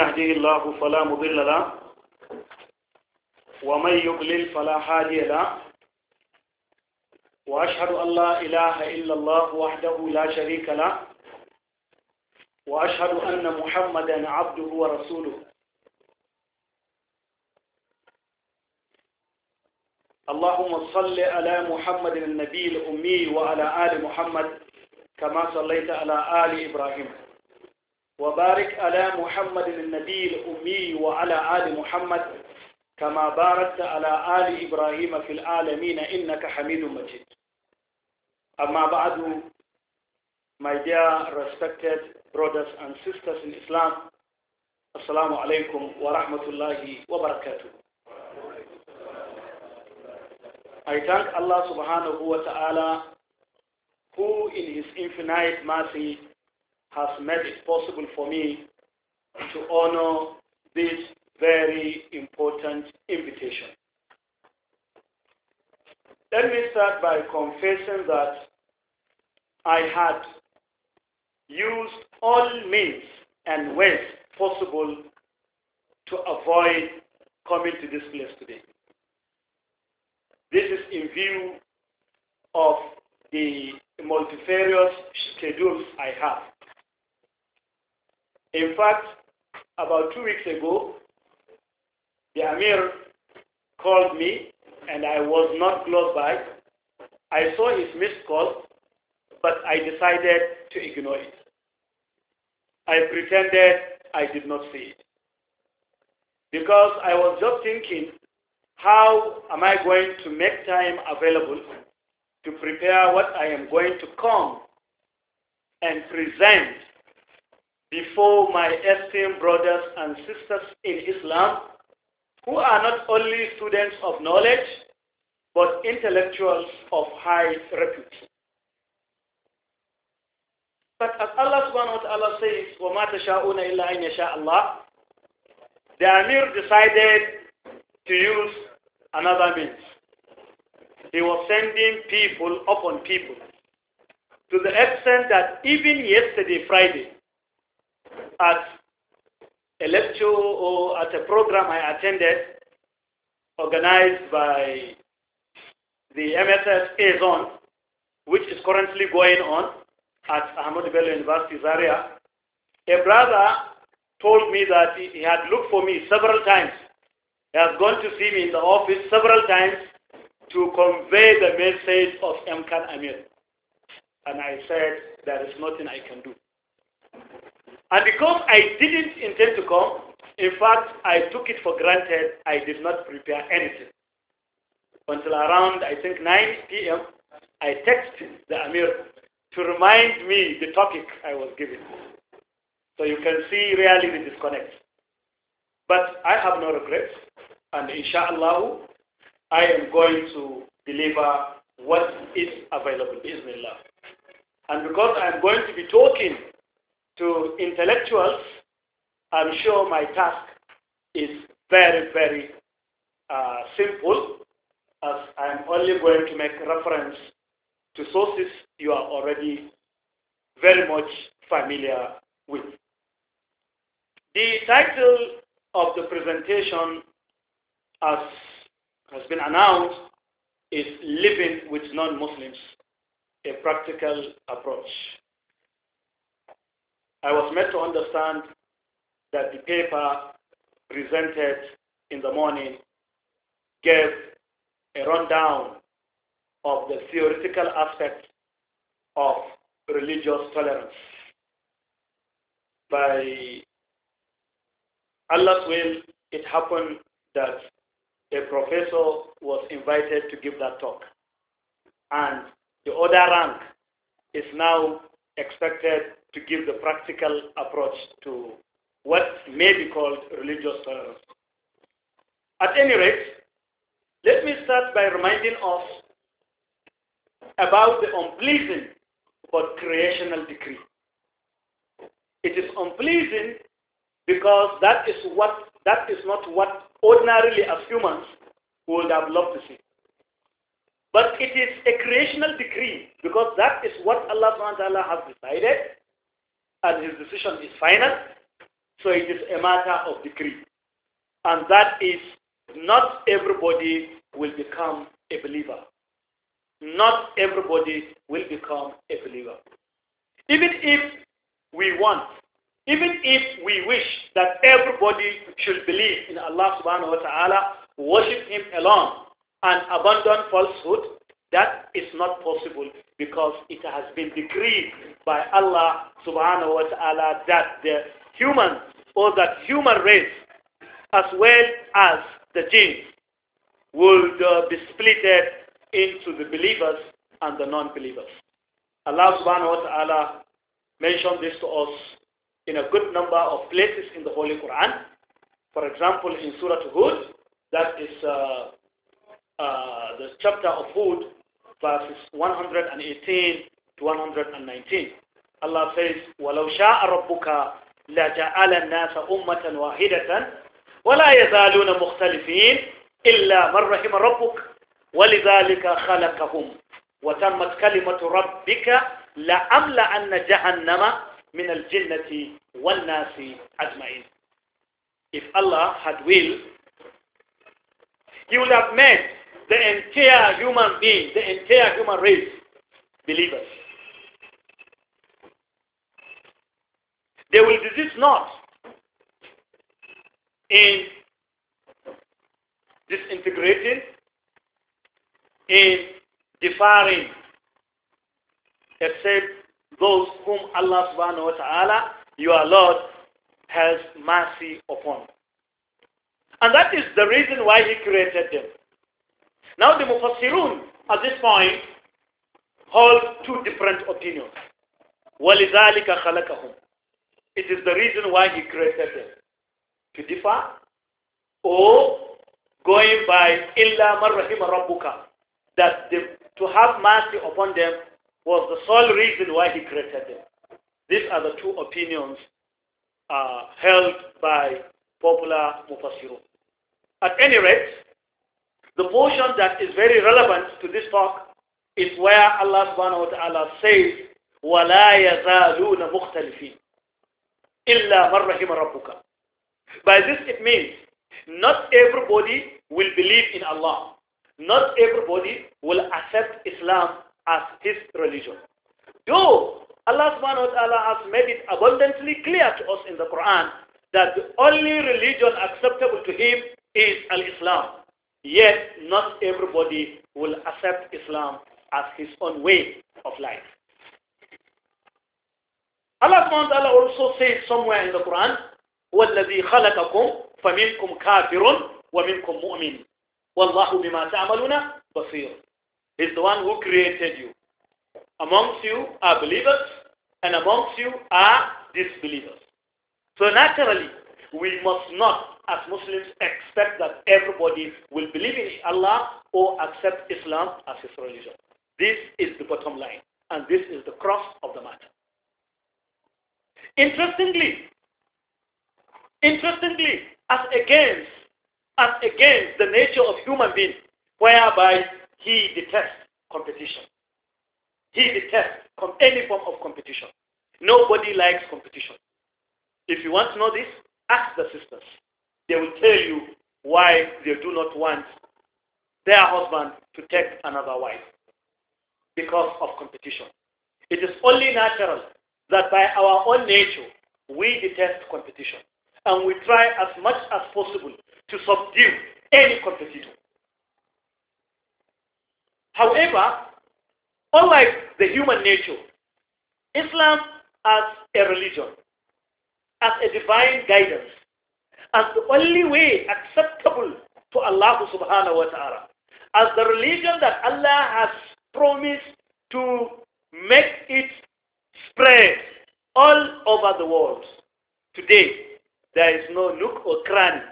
يهديه الله فلا مضل له ومن يضلل فلا هادي له وأشهد أن لا إله إلا الله وحده لا شريك له وأشهد أن محمدا عبده ورسوله اللهم صل على محمد النبي الأمي وعلى آل محمد كما صليت على آل إبراهيم وبارك على محمد النبي الأمي وعلى آل محمد كما باركت على آل إبراهيم في العالمين إنك حميد مجيد أما بعد My dear respected brothers and sisters in Islam Assalamu alaikum wa rahmatullahi wa barakatu. I thank Allah subhanahu wa ta'ala who in his infinite mercy has made it possible for me to honor this very important invitation. Let me start by confessing that I had used all means and ways possible to avoid coming to this place today. This is in view of the multifarious schedules I have. In fact, about two weeks ago, the Amir called me and I was not close by. I saw his missed call, but I decided to ignore it. I pretended I did not see it. Because I was just thinking, how am I going to make time available to prepare what I am going to come and present before my esteemed brothers and sisters in Islam who are not only students of knowledge but intellectuals of high repute. But as Allah subhanahu wa ta'ala says, وَمَا تَشَاءُونَ إِلَّا أَنْ يَشَاءَ اللَّهُ The Amir decided to use another means. He was sending people upon people to the extent that even yesterday, Friday, at a lecture or at a program I attended organized by the MSF zone, which is currently going on at Ahmad Bello University Zaria. A brother told me that he had looked for me several times. He has gone to see me in the office several times to convey the message of Mkan Amir. And I said, there is nothing I can do. And because I didn't intend to come, in fact, I took it for granted I did not prepare anything. Until around, I think, 9 p.m., I texted the Amir to remind me the topic I was given. So you can see really the disconnect. But I have no regrets. And inshallah, I am going to deliver what is available. Bismillah. And because I am going to be talking to intellectuals, I'm sure my task is very, very uh, simple as I'm only going to make reference to sources you are already very much familiar with. The title of the presentation, as has been announced, is Living with Non-Muslims, a Practical Approach. I was made to understand that the paper presented in the morning gave a rundown of the theoretical aspects of religious tolerance. By Allah's will, it happened that a professor was invited to give that talk. And the other rank is now expected to give the practical approach to what may be called religious tolerance. At any rate, let me start by reminding us about the unpleasing but creational decree. It is unpleasing because that is what that is not what ordinarily as humans would have loved to see. But it is a creational decree because that is what Allah subhanahu wa ta'ala has decided and his decision is final, so it is a matter of decree, And that is not everybody will become a believer. Not everybody will become a believer. Even if we want, even if we wish that everybody should believe in Allah subhanahu wa ta'ala, worship Him alone, and abandon falsehood, that is not possible because it has been decreed by Allah subhanahu wa ta'ala that the human or that human race as well as the jinn would uh, be splitted into the believers and the non-believers. Allah subhanahu wa ta'ala mentioned this to us in a good number of places in the Holy Quran. For example, in Surah Hud, that is uh, uh, the chapter of Hud, verses 118 to 119 Allah says ولو شاء ربك لجعل الناس أمة واحدة ولا يزالون مختلفين إلا من رحم ربك ولذلك خلقهم وتمت كلمة ربك لأملأن جهنم من الجنة والناس أجمعين If Allah had will, He would have made the entire human being, the entire human race, believers. They will desist not in disintegrating, in deferring, except those whom Allah subhanahu wa ta'ala, your Lord, has mercy upon. And that is the reason why he created them. Now the Mufassirun at this point hold two different opinions. وَلِذَلِكَ خَلَقَهُمْ It is the reason why he created them. To differ or going by إِلَّا مَرْحِمَ رَبُّكَ that the, to have mercy upon them was the sole reason why he created them. These are the two opinions uh, held by popular Mufassirun. At any rate, the portion that is very relevant to this talk is where Allah subhanahu wa ta'ala says, وَلَا يَزَالُونَ مُخْتَلِفِينَ إِلَّا مَنْ رَحِمَ رَبُّكَ By this it means, not everybody will believe in Allah. Not everybody will accept Islam as his religion. Though Allah subhanahu wa ta'ala has made it abundantly clear to us in the Quran that the only religion acceptable to him is Al-Islam. Yet, not everybody will accept Islam as his own way of life. Allah subhanahu also says somewhere in the Quran, "وَالَّذِي خلقكم فمنكم كافر ومنكم مؤمن والله بما تعملون بصير is the one who created you. Amongst you are believers, and amongst you are disbelievers. So naturally, we must not as Muslims expect that everybody will believe in Allah or accept Islam as his religion. This is the bottom line and this is the cross of the matter. Interestingly, interestingly, as against as against the nature of human being, whereby he detests competition. He detests any form of competition. Nobody likes competition. If you want to know this, ask the sisters. They will tell you why they do not want their husband to take another wife because of competition. It is only natural that by our own nature, we detest competition and we try as much as possible to subdue any competitor. However, unlike the human nature, Islam as a religion, as a divine guidance, as the only way acceptable to Allah subhanahu wa ta'ala. As the religion that Allah has promised to make it spread all over the world. Today, there is no nook or cranny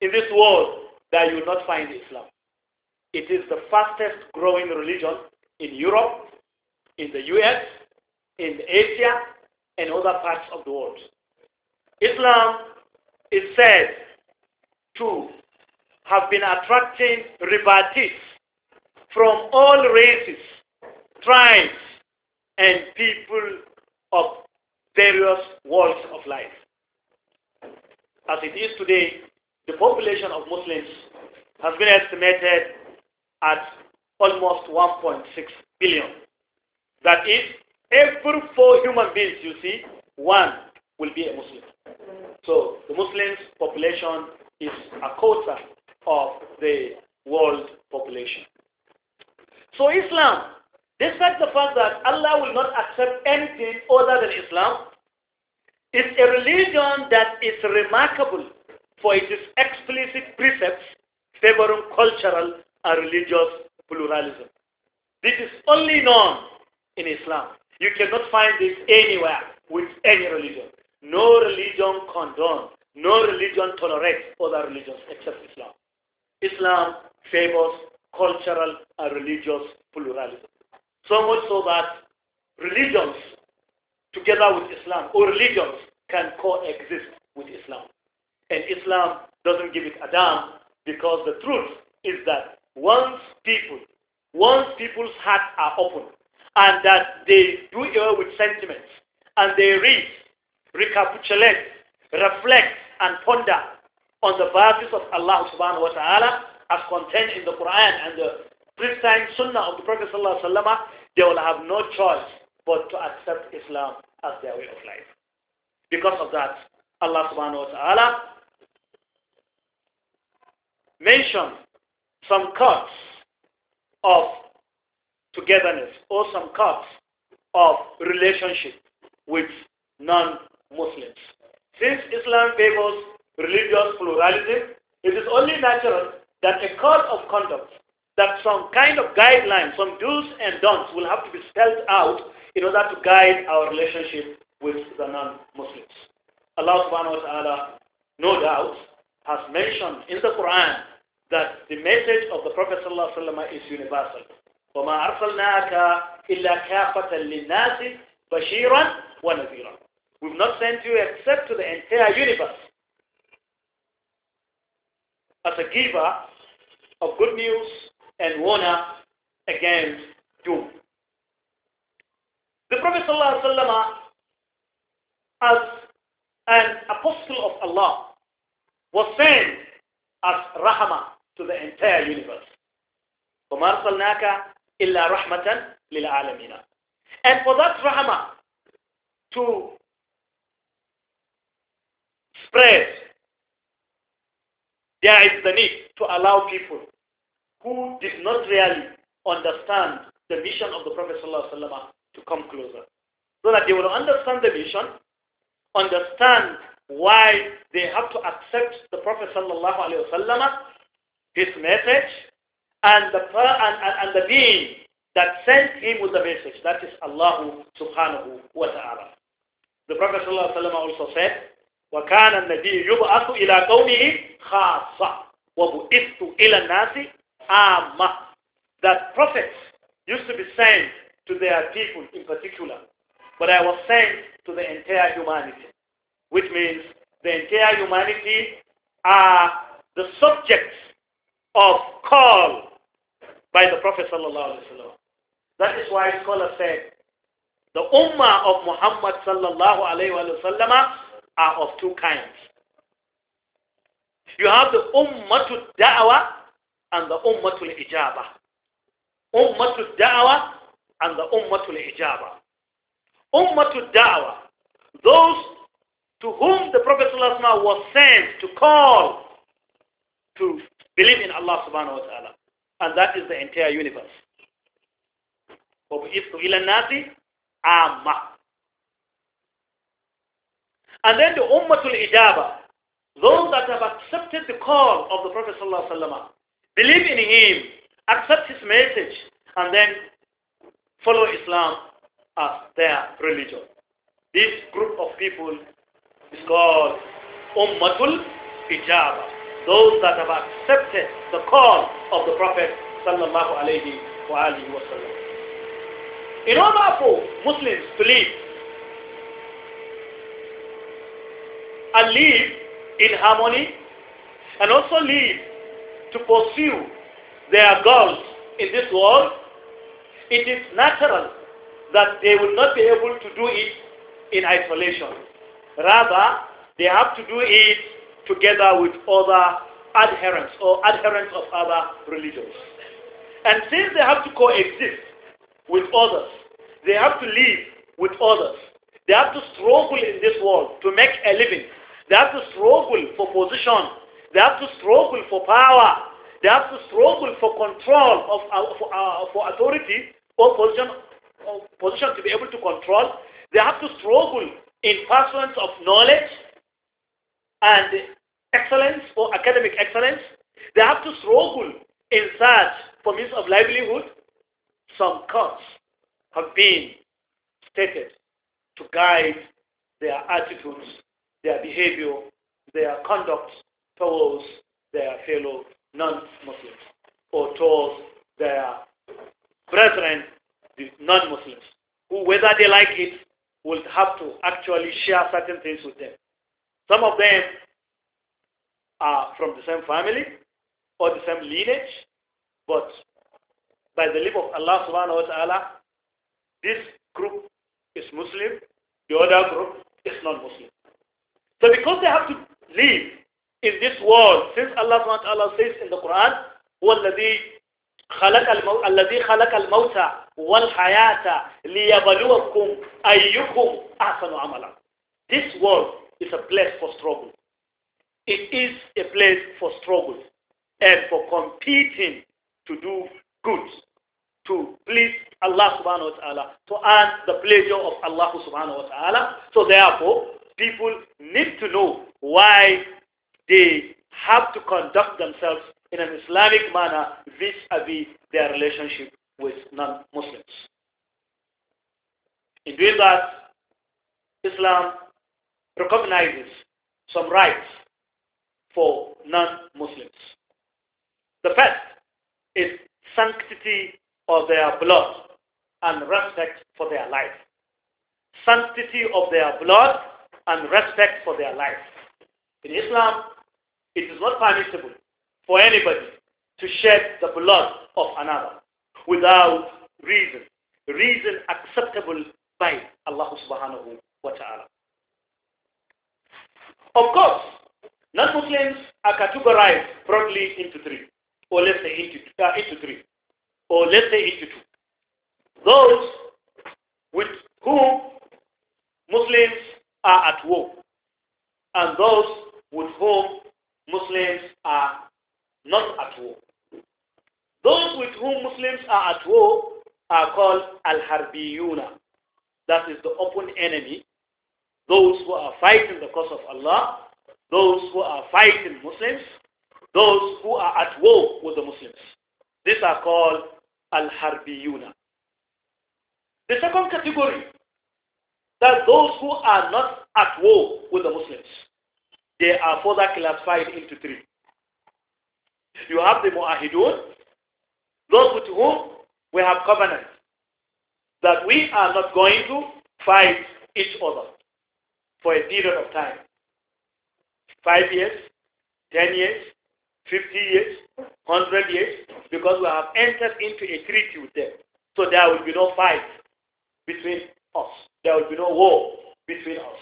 in this world that you will not find Islam. It is the fastest growing religion in Europe, in the US, in Asia, and other parts of the world. Islam is said to have been attracting repartees from all races, tribes, and people of various walks of life. As it is today, the population of Muslims has been estimated at almost 1.6 billion. That is, every four human beings you see, one will be a Muslim. So the Muslim population is a quarter of the world population. So Islam, despite the fact that Allah will not accept anything other than Islam, is a religion that is remarkable for its explicit precepts favoring cultural and religious pluralism. This is only known in Islam. You cannot find this anywhere with any religion. No religion condones, no religion tolerates other religions except Islam. Islam favors cultural and religious pluralism. So much so that religions together with Islam or religions can coexist with Islam. And Islam doesn't give it a damn because the truth is that once people, once people's hearts are open and that they do away with sentiments and they read recapitulate, reflect, and ponder on the verses of Allah subhanahu wa ta'ala as contained in the Quran and the pristine sunnah of the Prophet sallallahu alaihi wasallam, they will have no choice but to accept Islam as their way of life. Because of that, Allah subhanahu wa ta'ala mentioned some cuts of togetherness or some cuts of relationship with non Muslims. Since Islam favors religious pluralism, it is only natural that a code of conduct, that some kind of guidelines, some do's and don'ts will have to be spelled out in order to guide our relationship with the non-Muslims. Allah subhanahu wa ta'ala, no doubt, has mentioned in the Quran that the message of the Prophet sallallahu alaihi wasallam is universal. وَمَا أَرْسَلْنَاكَ إِلَّا كَافَةً لِلنَّاسِ بَشِيرًا وَنَذِيرًا We've not sent you except to the entire universe as a giver of good news and warner against doom. The Prophet ﷺ, as an apostle of Allah, was sent as rahma to the entire universe. وَمَا أَرْسَلْنَاكَ إِلَّا رَحْمَةً لِلْعَالَمِينَ And for that rahma to spread. There is the need to allow people who did not really understand the mission of the Prophet to come closer. So that they will understand the mission, understand why they have to accept the Prophet his message, and the, and, and, and the being that sent him with the message. That is Allah subhanahu wa ta'ala. The Prophet also said, وكان النبي يبعث إلى قومه خاصة، khassa إلى الناس عامة. that prophets used to be sent to their people in particular but I was sent to the entire humanity which means the entire humanity are the subjects of call by the Prophet sallallahu alaihi wasallam that is why scholars said the ummah of Muhammad sallallahu alaihi wasallam are of two kinds. You have the ummatul da'wa and the ummatul ijaba. Ummatul da'wa and the ummatul ijaba. Ummatul da'wa, those to whom the Prophet was sent to call to believe in Allah subhanahu wa ta'ala. And that is the entire universe. And then the Ummatul Ijaba, those that have accepted the call of the Prophet ﷺ, believe in him, accept his message, and then follow Islam as their religion. This group of people is called Ummatul Ijaba, those that have accepted the call of the Prophet sallallahu alaihi wasallam. In order for Muslims to live and live in harmony and also live to pursue their goals in this world, it is natural that they will not be able to do it in isolation. Rather, they have to do it together with other adherents or adherents of other religions. And since they have to coexist with others, they have to live with others, they have to struggle in this world to make a living they have to struggle for position. They have to struggle for power. They have to struggle for control of uh, for, uh, for authority or position or position to be able to control. They have to struggle in pursuit of knowledge and excellence or academic excellence. They have to struggle in search for means of livelihood. Some cuts have been stated to guide their attitudes their behavior, their conduct towards their fellow non-Muslims or towards their brethren, the non-Muslims, who whether they like it, will have to actually share certain things with them. Some of them are from the same family or the same lineage, but by the leave of Allah subhanahu wa ta'ala, this group is Muslim, the other group is non-Muslim. So because they have to live in this world, since Allah SWT says in the Quran, هو الذي خلق المو... الموت والحياة ليبلوكم أيكم أحسن عملا. This world is a place for struggle. It is a place for struggle and for competing to do good, to please Allah subhanahu wa ta'ala, to earn the pleasure of Allah subhanahu wa ta'ala. So therefore, people need to know why they have to conduct themselves in an Islamic manner vis-a-vis their relationship with non-Muslims. In doing that, Islam recognizes some rights for non-Muslims. The first is sanctity of their blood and respect for their life. Sanctity of their blood and respect for their life. In Islam, it is not permissible for anybody to shed the blood of another without reason. Reason acceptable by Allah subhanahu wa ta'ala. Of course, non-Muslims are categorized broadly into three, or let's say into, uh, into three, or let's say into two. Those with whom Muslims are at war, and those with whom Muslims are not at war. Those with whom Muslims are at war are called al-harbiyuna. That is the open enemy. Those who are fighting the cause of Allah, those who are fighting Muslims, those who are at war with the Muslims. These are called al-harbiyuna. The second category that those who are not at war with the Muslims, they are further classified into three. You have the Mu'ahidun, those with whom we have covenant that we are not going to fight each other for a period of time. Five years, ten years, fifty years, hundred years, because we have entered into a treaty with them. So there will be no fight between us there will be no war between us.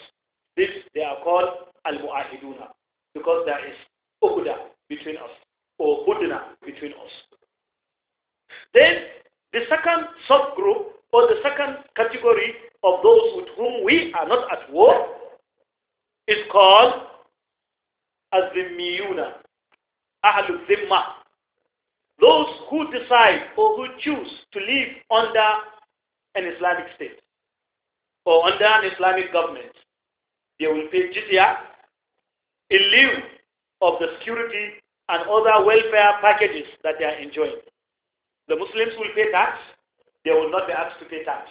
This they are called al-mu'ahiduna because there is uhda between us or hudna between us. Then the second subgroup or the second category of those with whom we are not at war is called az-zimmiyuna, ahlul zimma. Those who decide or who choose to live under an Islamic state or under an Islamic government, they will pay jizya in lieu of the security and other welfare packages that they are enjoying. The Muslims will pay tax, they will not be asked to pay tax.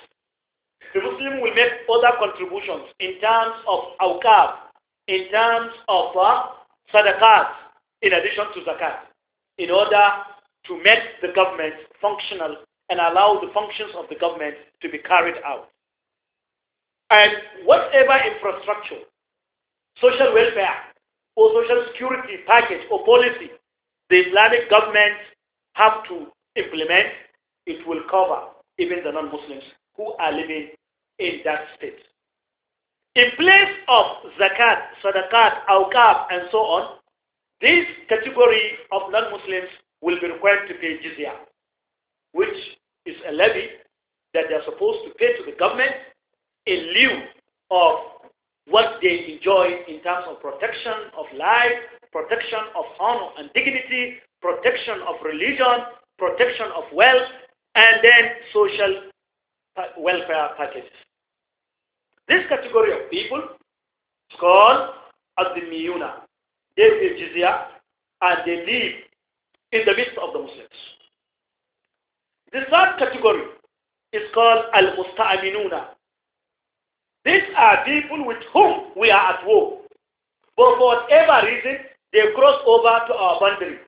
The Muslim will make other contributions in terms of awqab, in terms of uh, sadaqat, in addition to zakat, in order to make the government functional and allow the functions of the government to be carried out. And whatever infrastructure, social welfare, or social security package or policy the Islamic government have to implement, it will cover even the non-Muslims who are living in that state. In place of zakat, sadaqat, awqaf, and so on, this category of non-Muslims will be required to pay jizya, which is a levy that they are supposed to pay to the government in lieu of what they enjoy in terms of protection of life, protection of honor and dignity, protection of religion, protection of wealth, and then social welfare packages. This category of people is called as the Miyuna. They pay jizya and they live in the midst of the Muslims. The third category is called Al-Musta'aminuna. These are people with whom we are at war. But for whatever reason, they cross over to our boundary.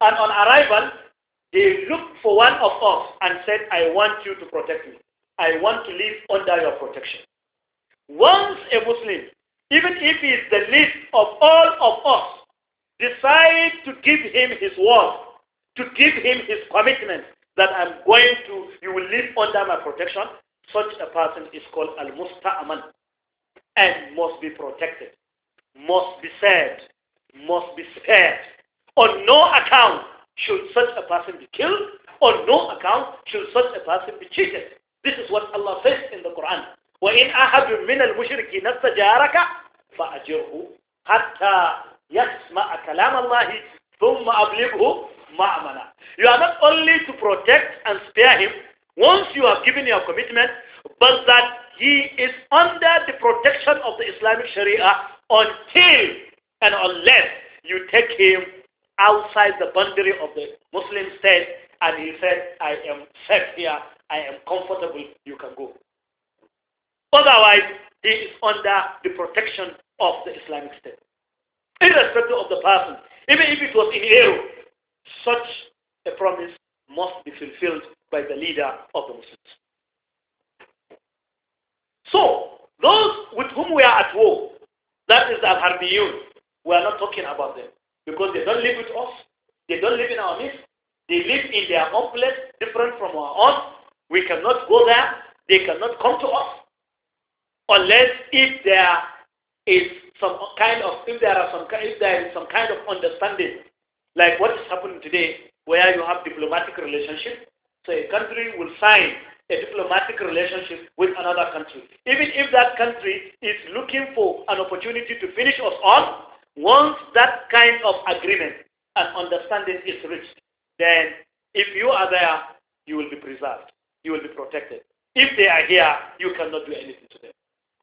And on arrival, they look for one of us and said, I want you to protect me. I want to live under your protection. Once a Muslim, even if he is the least of all of us, decide to give him his word, to give him his commitment that I'm going to, you will live under my protection, such a person is called al mustaman and must be protected, must be saved, must be spared. On no account should such a person be killed. On no account should such a person be cheated. This is what Allah says in the Quran. وَإِنْ أَحَدٌ مِّنَ الْمُشْرِكِينَ اسْتَجَارَكَ فَأَجِرْهُ hatta يَسْمَعَ kalam اللَّهِ ثُمَّ أَبْلِغْهُ مَأْمَنَا You are not only to protect and spare him, once you have given your commitment, but that he is under the protection of the Islamic Sharia until and unless you take him outside the boundary of the Muslim state and he said, I am safe here, I am comfortable, you can go. Otherwise, he is under the protection of the Islamic state. Irrespective of the person, even if it was in error, such a promise must be fulfilled by the leader of the Muslims. So, those with whom we are at war, that is Al Harbiyun, we are not talking about them because they don't live with us, they don't live in our midst, they live in their own place, different from our own. We cannot go there, they cannot come to us unless if there is some kind of if there are some if there is some kind of understanding like what is happening today where you have diplomatic relationship so a country will sign a diplomatic relationship with another country. Even if that country is looking for an opportunity to finish us off, once that kind of agreement and understanding is reached, then if you are there, you will be preserved. You will be protected. If they are here, you cannot do anything to them.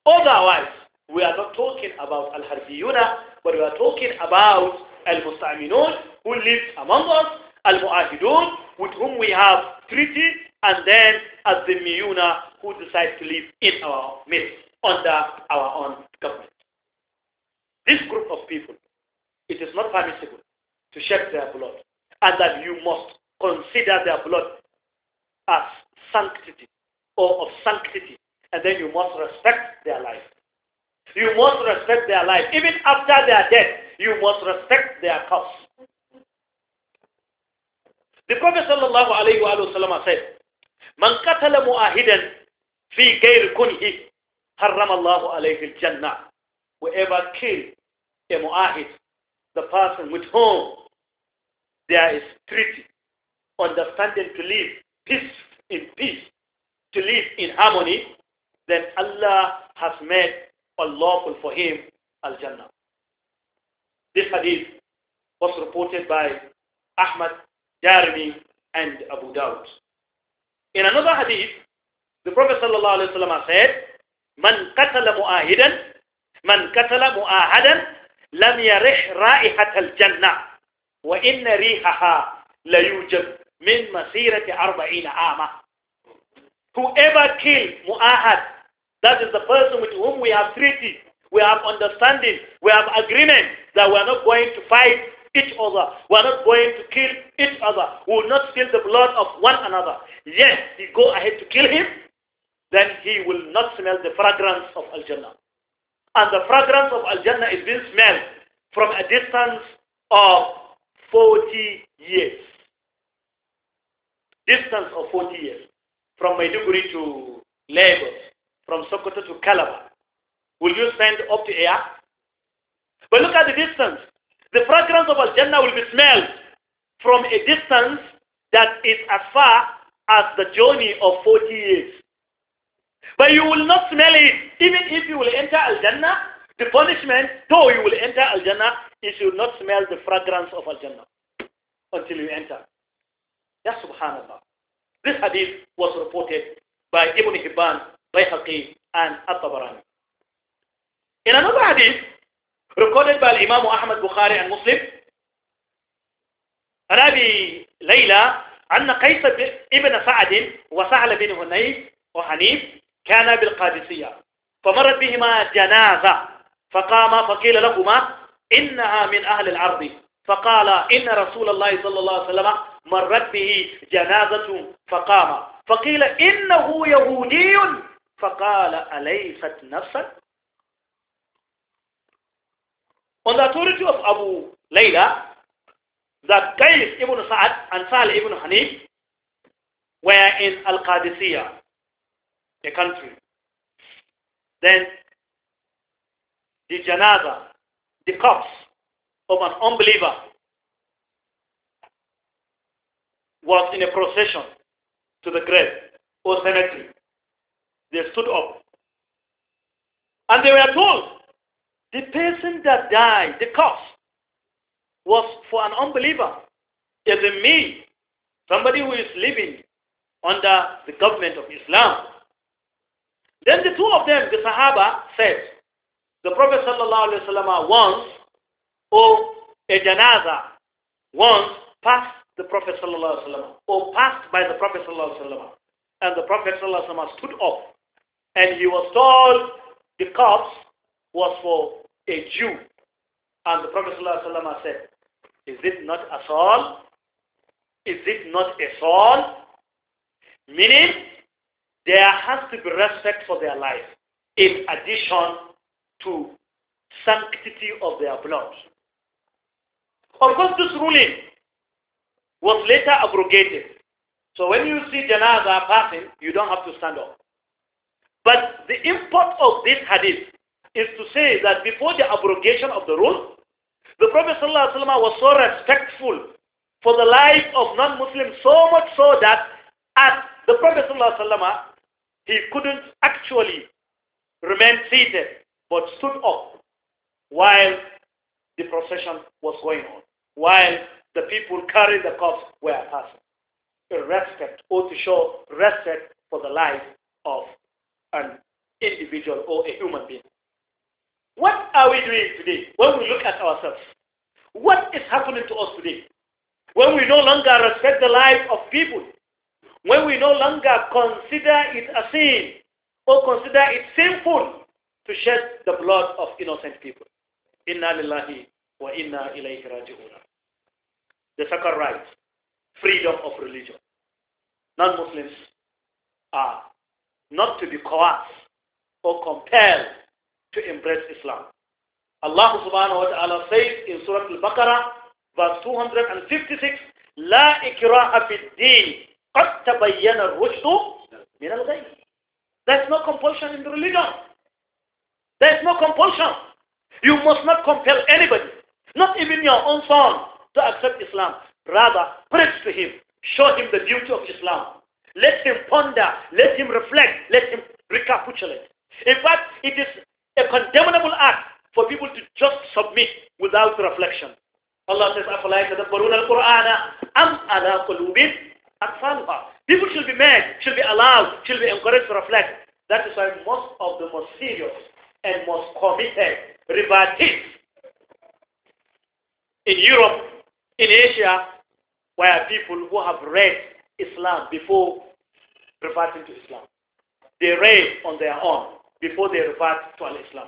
Otherwise, we are not talking about al-harbiyuna, but we are talking about al-musta'minun who lives among us decide to live in our midst under our own government. This group of people, it is not permissible to shed their blood, and that you must consider their blood as sanctity or of sanctity, and then you must respect their life. You must respect their life. Even after their death, you must respect their cause. The Prophet ﷺ said, Man qatala بغير كنه حرم الله عليه الجنة whoever kills a mu'ahid the person with whom there is treaty understanding to live peace in peace to live in harmony then Allah has made unlawful for him al-jannah this hadith was reported by Ahmad, Darimi and Abu Dawud in another hadith the Prophet ﷺ said, Man qatala mu'ahidan, man qatala mu'ahadan, lam yarih ra'ihat al-jannah, wa inna rihaha la min masirati arba'ina ama. Whoever killed mu'ahad, that is the person with whom we have treaty, we have understanding, we have agreement that we are not going to fight each other. We are not going to kill each other. We will not steal the blood of one another. Yes, he go ahead to kill him, then he will not smell the fragrance of Al-Jannah. And the fragrance of Al-Jannah is being smelled from a distance of 40 years. Distance of 40 years. From Maiduguri to Lagos, from Sokoto to Calabar. Will you spend up to air? But look at the distance. The fragrance of Al-Jannah will be smelled from a distance that is as far as the journey of 40 years. But you will not smell it. Even if you will enter Al-Jannah, the punishment, though you will enter Al-Jannah, is you will not smell the fragrance of Al-Jannah until you enter. Ya subhanallah. This hadith was reported by Ibn Hibban, Bayhaqi, and At-Tabarani. In another hadith, recorded by Imam Ahmad Bukhari and Muslim, عن أبي ليلى أن قيس was سعد وسهل بن هنيف وحنيف كان بالقادسية فمرت بهما جنازة فقام فقيل لهما إنها من أهل العرض فقال إن رسول الله صلى الله عليه وسلم مرت به جنازة فقام فقيل إنه يهودي فقال أليست نفسا On the authority of Abu Layla, that Qais ibn Sa'ad and Salih ibn Hanif were in Al-Qadisiyah. a country. Then the janaza, the corpse of an unbeliever was in a procession to the grave or cemetery. They stood up. And they were told, the person that died, the corpse, was for an unbeliever. As a me, somebody who is living under the government of Islam, then the two of them, the Sahaba, said, the Prophet ﷺ once, oh, a janaza, once passed the Prophet ﷺ, or passed by the Prophet ﷺ. And the Prophet ﷺ stood up, and he was told the corpse was for a Jew. And the Prophet ﷺ said, is it not a Saul? Is it not a Saul? Meaning, there has to be respect for their life in addition to sanctity of their blood. Of course, this ruling was later abrogated. So when you see janaza passing, you don't have to stand up. But the import of this hadith is to say that before the abrogation of the rule, the Prophet ﷺ was so respectful for the life of non-Muslims, so much so that at the Prophet ﷺ he couldn't actually remain seated, but stood up while the procession was going on, while the people carrying the cups were passing. A respect, or oh, to show respect for the life of an individual or a human being. What are we doing today when we look at ourselves? What is happening to us today? When we no longer respect the life of people, when we no longer consider it a sin or consider it sinful to shed the blood of innocent people. Inna lillahi wa inna ilayhi raji'un. The second right, freedom of religion. Non-Muslims are not to be coerced or compelled to embrace Islam. Allah subhanahu wa ta'ala says in Surah Al-Baqarah, verse 256, لا إكراه في الدين قد تبين الرشد من الغي There's no compulsion in the religion. There's no compulsion. You must not compel anybody, not even your own son, to accept Islam. Rather, preach to him. Show him the beauty of Islam. Let him ponder. Let him reflect. Let him recapitulate. In fact, it is a condemnable act for people to just submit without reflection. Allah says, and People should be made, should be allowed, should be encouraged to reflect. That is why most of the most serious and most committed revertees in Europe, in Asia, were people who have read Islam before reverting to Islam. They read on their own before they revert to Islam.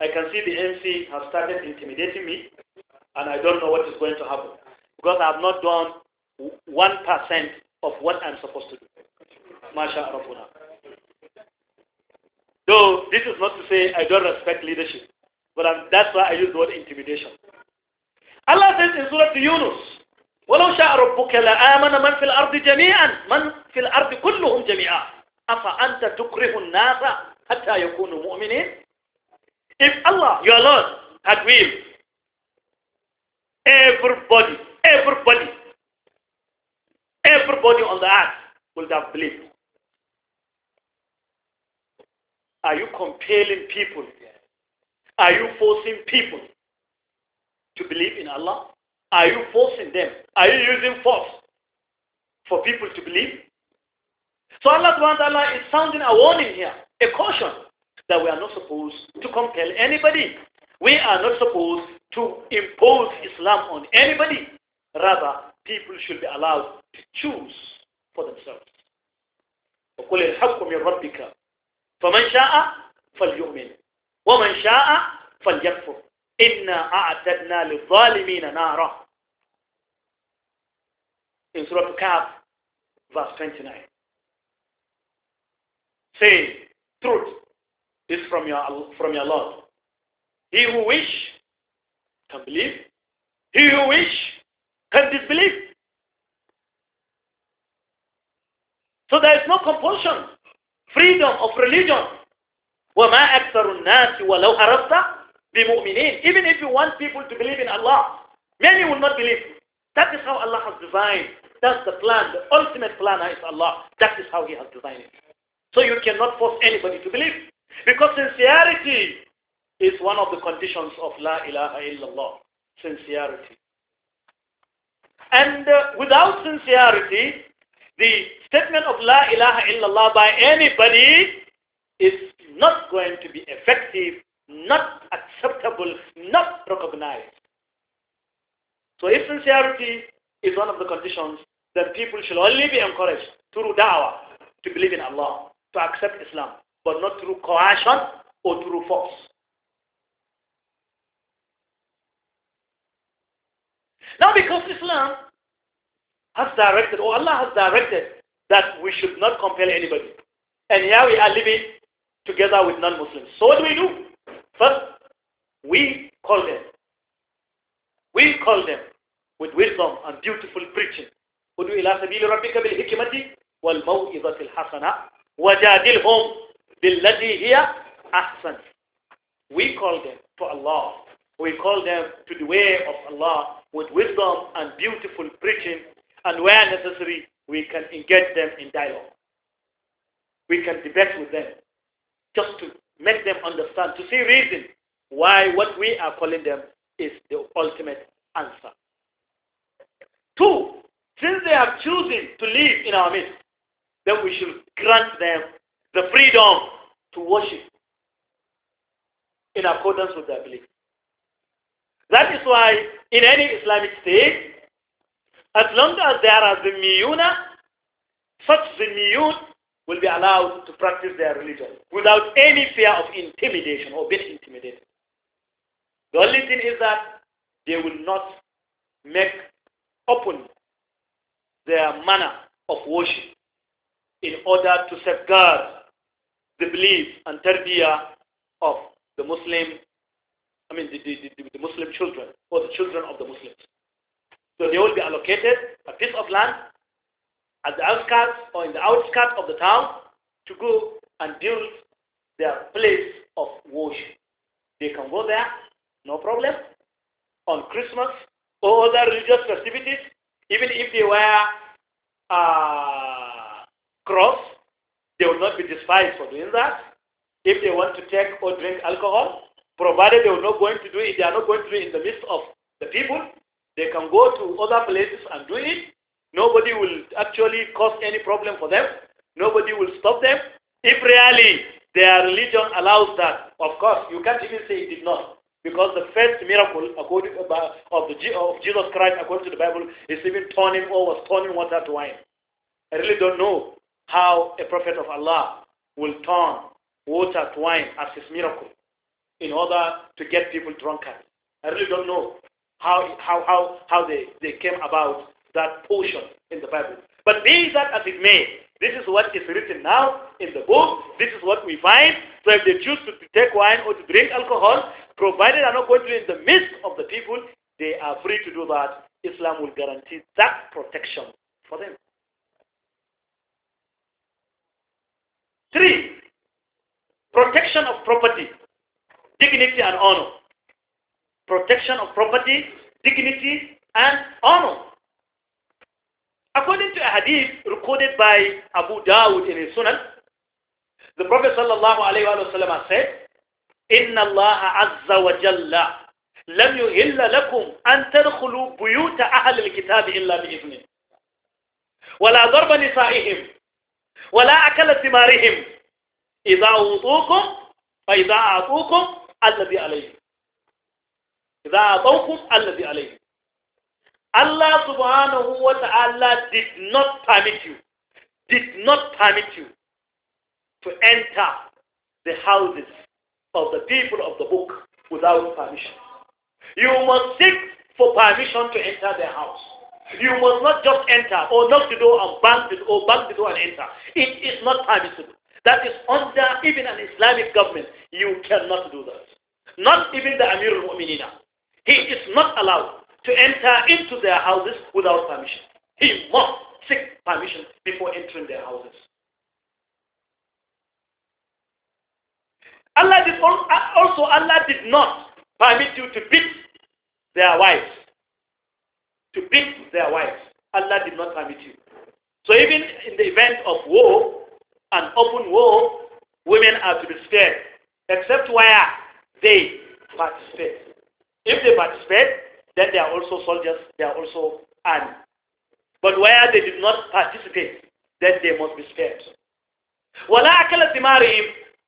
I can see the MC has started intimidating me, and I don't know what is going to happen because I have not done 1% of what I'm supposed to do. Masha Rabbuna. Though this is not to say I don't respect leadership, but I'm, that's why I use the word intimidation. Allah says in Surah Yunus, ولو شاء ربك لآمن من في الأرض جميعا من في الأرض كلهم جميعا أفأنت تكره الناس حتى يكونوا مؤمنين If Allah, your Lord, had willed, everybody, everybody everybody on the earth would have believed. Are you compelling people? Are you forcing people to believe in Allah? Are you forcing them? Are you using force for people to believe? So Allah Allah is sounding a warning here, a caution that we are not supposed to compel anybody. We are not supposed to impose Islam on anybody. Rather, people should be allowed to choose for themselves. وقل الحق من ربك فمن شاء فليؤمن ومن شاء فليكفر إنا أعتدنا للظالمين نارا in Surah Al-Kahf verse 29 Say, truth is from your, from your Lord he who wish can believe he who wish can disbelieve. So there is no compulsion, freedom of religion. وَمَا أَكْثَرُ النَّاسِ وَلَوْ أَرَبْتَ بِمُؤْمِنِينَ Even if you want people to believe in Allah, many will not believe. That is how Allah has designed. That's the plan. The ultimate planner is Allah. That is how He has designed it. So you cannot force anybody to believe. Because sincerity is one of the conditions of La ilaha illallah. Sincerity. And uh, without sincerity, the statement of La ilaha illallah by anybody is not going to be effective, not acceptable, not recognized. So if sincerity is one of the conditions, then people should only be encouraged through da'wah to believe in Allah, to accept Islam, but not through coercion or through force. Now, because Islam has directed, or Allah has directed, that we should not compel anybody. And here we are living together with non-Muslims. So what do we do? First, we call them. We call them with wisdom and beautiful preaching. ادعو إلى سبيل ربك بالحكمة الحسنة وجادلهم بِالَّذِي هي أحسن. We call them to Allah. We call them to the way of Allah with wisdom and beautiful preaching, and where necessary, we can engage them in dialogue. We can debate with them just to make them understand, to see reason why what we are calling them is the ultimate answer. Two, since they have chosen to live in our midst, then we should grant them the freedom to worship in accordance with their belief. That is why in any Islamic state, as long as there are the miyuna, such the miyun will be allowed to practice their religion without any fear of intimidation or being intimidated. The only thing is that they will not make open their manner of worship in order to safeguard the belief and tarbiyah of the Muslim I mean, the, the, the, the Muslim children or the children of the Muslims. So they will be allocated a piece of land at the outskirts or in the outskirts of the town to go and build their place of worship. They can go there, no problem, on Christmas or other religious festivities, even if they wear a uh, cross, they will not be despised for doing that. If they want to take or drink alcohol, provided they were not going to do it, they are not going to do it in the midst of the people. They can go to other places and do it. Nobody will actually cause any problem for them. Nobody will stop them. If really their religion allows that, of course, you can't even say it did not. Because the first miracle according uh, of, the, of Jesus Christ, according to the Bible, is even turning or was turning water to wine. I really don't know how a prophet of Allah will turn water to wine as his miracle in order to get people drunkard. I really don't know how, how, how, how they, they came about that portion in the Bible. But be that as it may, this is what is written now in the book. This is what we find. So if they choose to take wine or to drink alcohol, provided they are not going to be in the midst of the people, they are free to do that. Islam will guarantee that protection for them. Three, protection of property dignity and honor. Protection of property, dignity, and honor. According to a hadith recorded by Abu Dawud in his Sunan, the Prophet sallallahu alayhi wa sallam said, إِنَّ اللَّهَ عَزَّ وَجَلَّ لَمْ يُهِلَّ لَكُمْ أَن تَدْخُلُوا بُيُوتَ أَهْلِ الْكِتَابِ إِلَّا بِإِذْنِهِ ولا ضرب نسائهم ولا أكل ثمارهم إذا أوطوكم فإذا أعطوكم allazi alayhi idza atawkum allazi alayhi Allah subhanahu wa ta'ala did not permit you did not permit you to enter the houses of the people of the book without permission. You must seek for permission to enter their house. You must not just enter or knock the door and bang the door, bang the door and enter. It is not permissible that is under even an Islamic government, you cannot do that. Not even the Amir al-Mu'minina. He is not allowed to enter into their houses without permission. He must seek permission before entering their houses. Allah did also Allah did not permit you to beat their wives. To beat their wives. Allah did not permit you. So even in the event of war, an open war, women are to be spared, except where they participate. If they participate, then they are also soldiers, they are also army. But where they did not participate, then they must be spared. وَلَا أَكَلَ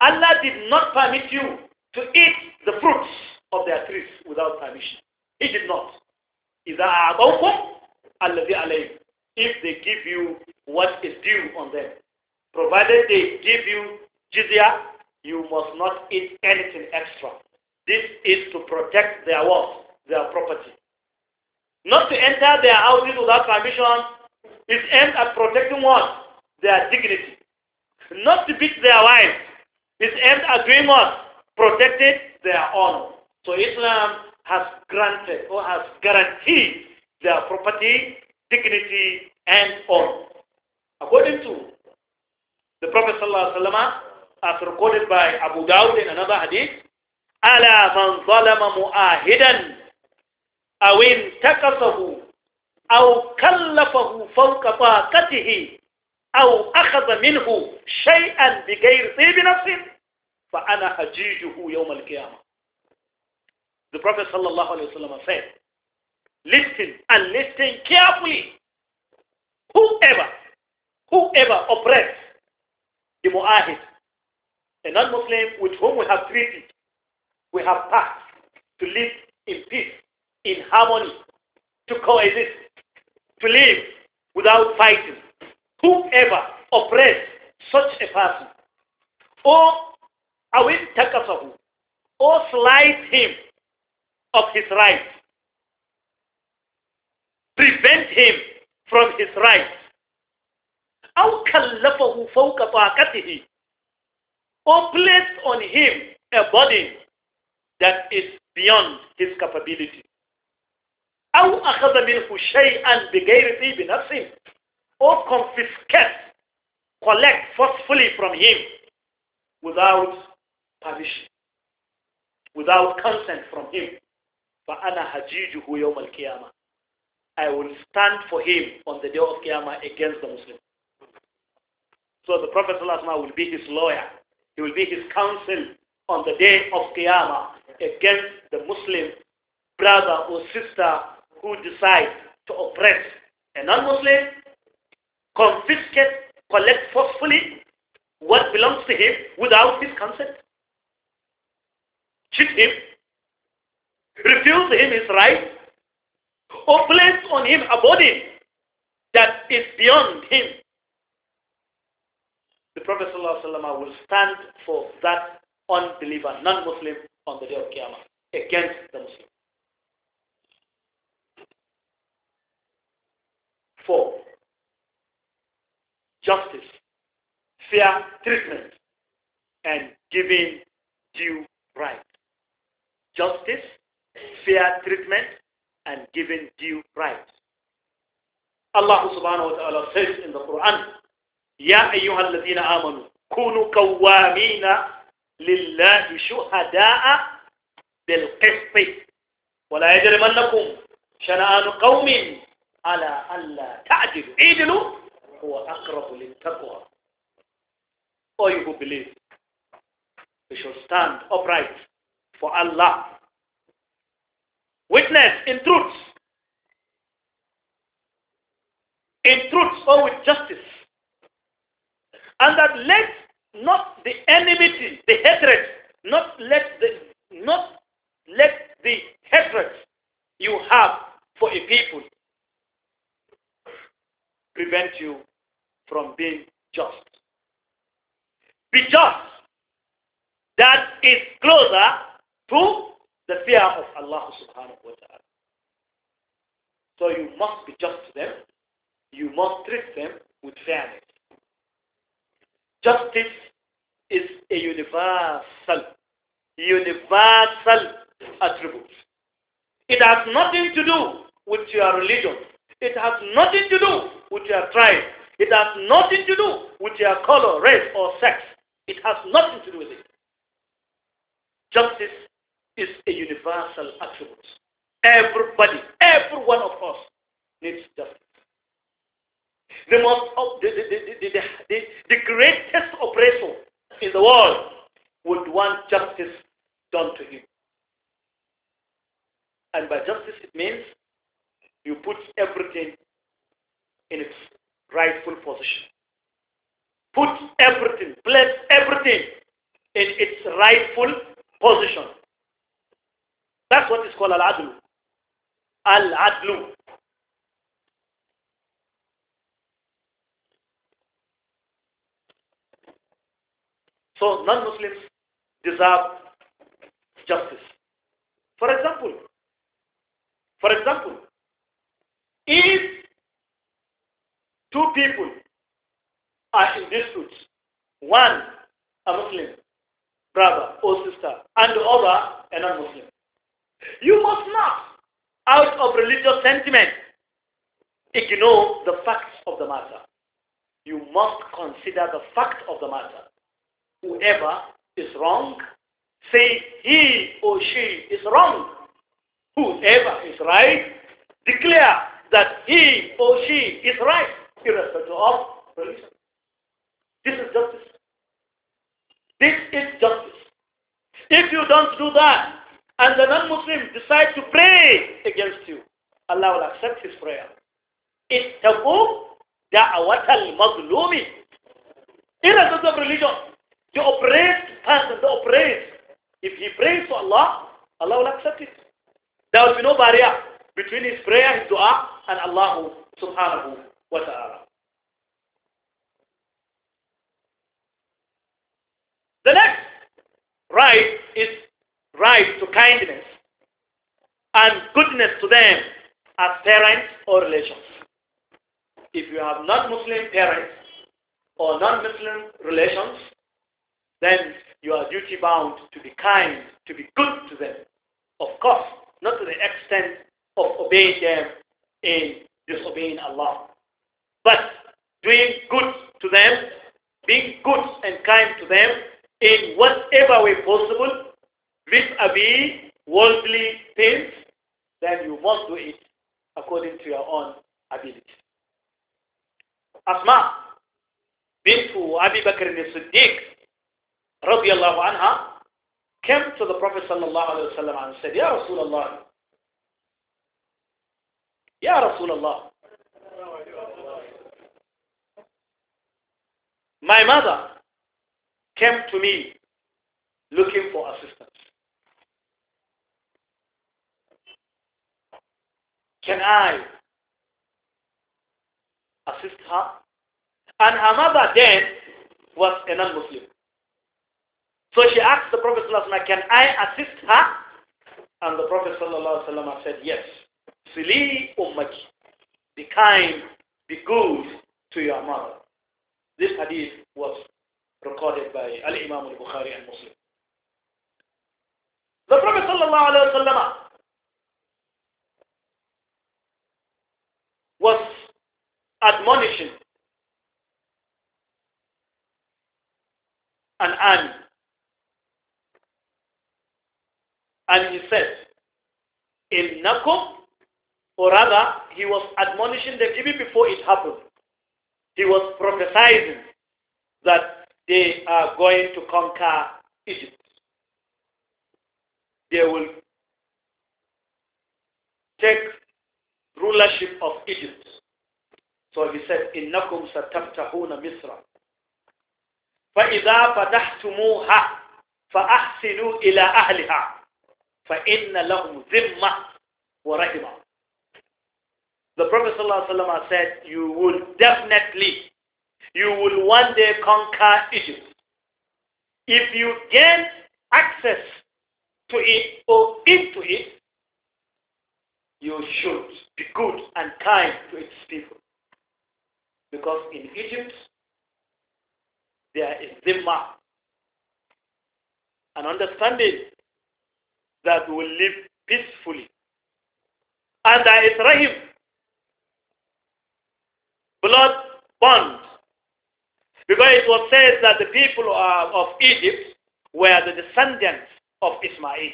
Allah did not permit you to eat the fruits of their trees without permission. He did not. إِذَا أَعْضَوْكُمْ الَّذِي عَلَيْهِمْ If they give you what is due on them. Provided they give you jizya, you must not eat anything extra. This is to protect their wealth, their property. Not to enter their houses without permission is aimed at protecting what? Their dignity. Not to beat their wives is aimed at doing what? Protecting their honor. So Islam has granted or has guaranteed their property, dignity, and honor. According to the Prophet ﷺ, as recorded by Abu Dawud in another hadith, أَلَا مَنْ ظَلَمَ مُؤَاهِدًا أَوْ انْتَقَصَهُ أَوْ كَلَّفَهُ فَوْقَ طَاقَتِهِ أَوْ أَخَذَ مِنْهُ شَيْئًا بِغَيْرِ طِيبِ نَفْسٍ فَأَنَا أَجِيجُهُ يَوْمَ الْقِيَامَةِ The Prophet ﷺ said, listen and listen carefully. Whoever, whoever oppresses the mu'ahid, a non-Muslim with whom we have treated, we have pact to live in peace, in harmony, to coexist, to live without fighting. Whoever oppresses such a person, or awin takasahu, or slight him of his right, prevent him from his right, أو كلفه فوق طاقته or placed on him a burden that is beyond his capability أو أخذ منه شيئا بغير ذي بنفسه or confiscate collect forcefully from him without permission without consent from him فأنا هجيجه يوم القيامة I will stand for him on the day of Qiyamah against the Muslims so the Prophet will be his lawyer. He will be his counsel on the day of Qiyamah against the Muslim brother or sister who decide to oppress a non-Muslim, confiscate, collect forcefully what belongs to him without his consent, cheat him, refuse him his right, or place on him a body that is beyond him the Prophet ﷺ will stand for that unbeliever, non-Muslim on the day of Qiyamah against the Muslim. Four, justice, fair treatment, and giving due right. Justice, fair treatment, and giving due right. Allah subhanahu wa ta'ala says in the Quran, يا أيها الذين آمنوا كونوا قوامين لله شهداء بالقسط ولا يجرمنكم شنآن قوم على ألا تعدلوا اعدلوا هو أقرب للتقوى All you who believe, we shall stand upright for Allah. Witness in truth. In truth or with justice. And that let not the enmity, the hatred, not let the not let the hatred you have for a people prevent you from being just. Be just. That is closer to the fear of Allah subhanahu wa ta'ala. So you must be just to them. You must treat them with fairness. Justice is a universal, universal attribute. It has nothing to do with your religion. It has nothing to do with your tribe. It has nothing to do with your color, race, or sex. It has nothing to do with it. Justice is a universal attribute. Everybody, every one of us needs justice the most the, the, the, the, the greatest oppressor in the world would want justice done to him. And by justice it means you put everything in its rightful position. Put everything, place everything in its rightful position. That's what is called al-adlu. Al-adlu. So non-Muslims deserve justice. For example, for example, if two people are in dispute, one a Muslim brother or sister and the other a non-Muslim, you must not, out of religious sentiment, ignore the facts of the matter. You must consider the fact of the matter whoever is wrong, say he or she is wrong. Whoever is right, declare that he or she is right, irrespective of religion. This is justice. This is justice. If you don't do that, and the non-Muslim decides to pray against you, Allah will accept his prayer. Ittaqum da'awat al-mazlumi. Irrespective of religion, the oppressed person, the oppressed, if he prays to Allah, Allah will accept it. There will be no barrier between his prayer, his dua, and Allah subhanahu wa ta'ala. The next right is right to kindness and goodness to them as parents or relations. If you have non-Muslim parents or non-Muslim relations, then you are duty bound to be kind, to be good to them. Of course, not to the extent of obeying them in disobeying Allah. But doing good to them, being good and kind to them in whatever way possible, vis-a-vis worldly things, then you must do it according to your own ability. Asma bint Abi Bakr al siddiq radiallahu anha, came to the Prophet sallallahu wasallam and said, Ya Rasulullah, Ya Rasulullah, my mother came to me looking for assistance. Can I assist her? And her mother then was a non-Muslim. So she asked the Prophet ﷺ, can I assist her? And the Prophet ﷺ said, yes. Sili ummaki. Be kind, be good to your mother. This hadith was recorded by Al-Imam al-Bukhari and Muslim. The Prophet ﷺ was admonishing an army And he said, "In Innakum, or rather, he was admonishing them even before it happened. He was prophesying that they are going to conquer Egypt. They will take rulership of Egypt. So he said, إِنَّكُمْ سَتَفْتَحُونَ Misra, فَإِذَا فَتَحْتُمُوهَا فَأَحْسِنُوا إِلَىٰ أَهْلِهَا فَإِنَّ لَهُمْ ذِمَّةً وَرَحِمَةً The Prophet ﷺ said, you will definitely, you will one day conquer Egypt. If you gain access to it or into it, you should be good and kind to its people. Because in Egypt, there is dhimma, an understanding that will live peacefully under its rahim, blood bond, Because it was said that the people of Egypt were the descendants of Ismail.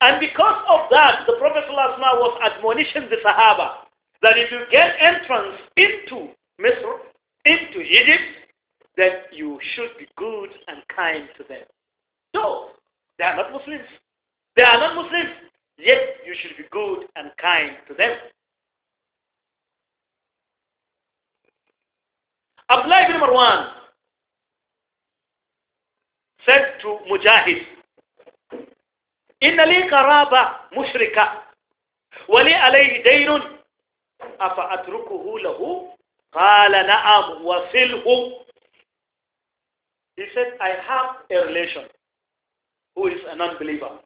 And because of that, the Prophet was admonishing the Sahaba that if you get entrance into Misr, into Egypt, then you should be good and kind to them. So they are not Muslims. They are not Muslims, yet you should be good and kind to them. Abdullah ibn Marwan said to Mujahid, إن لي قرابة مشركة ولي عليه دين أفأتركه له قال نعم وصله He said, I have a relation who is a non-believer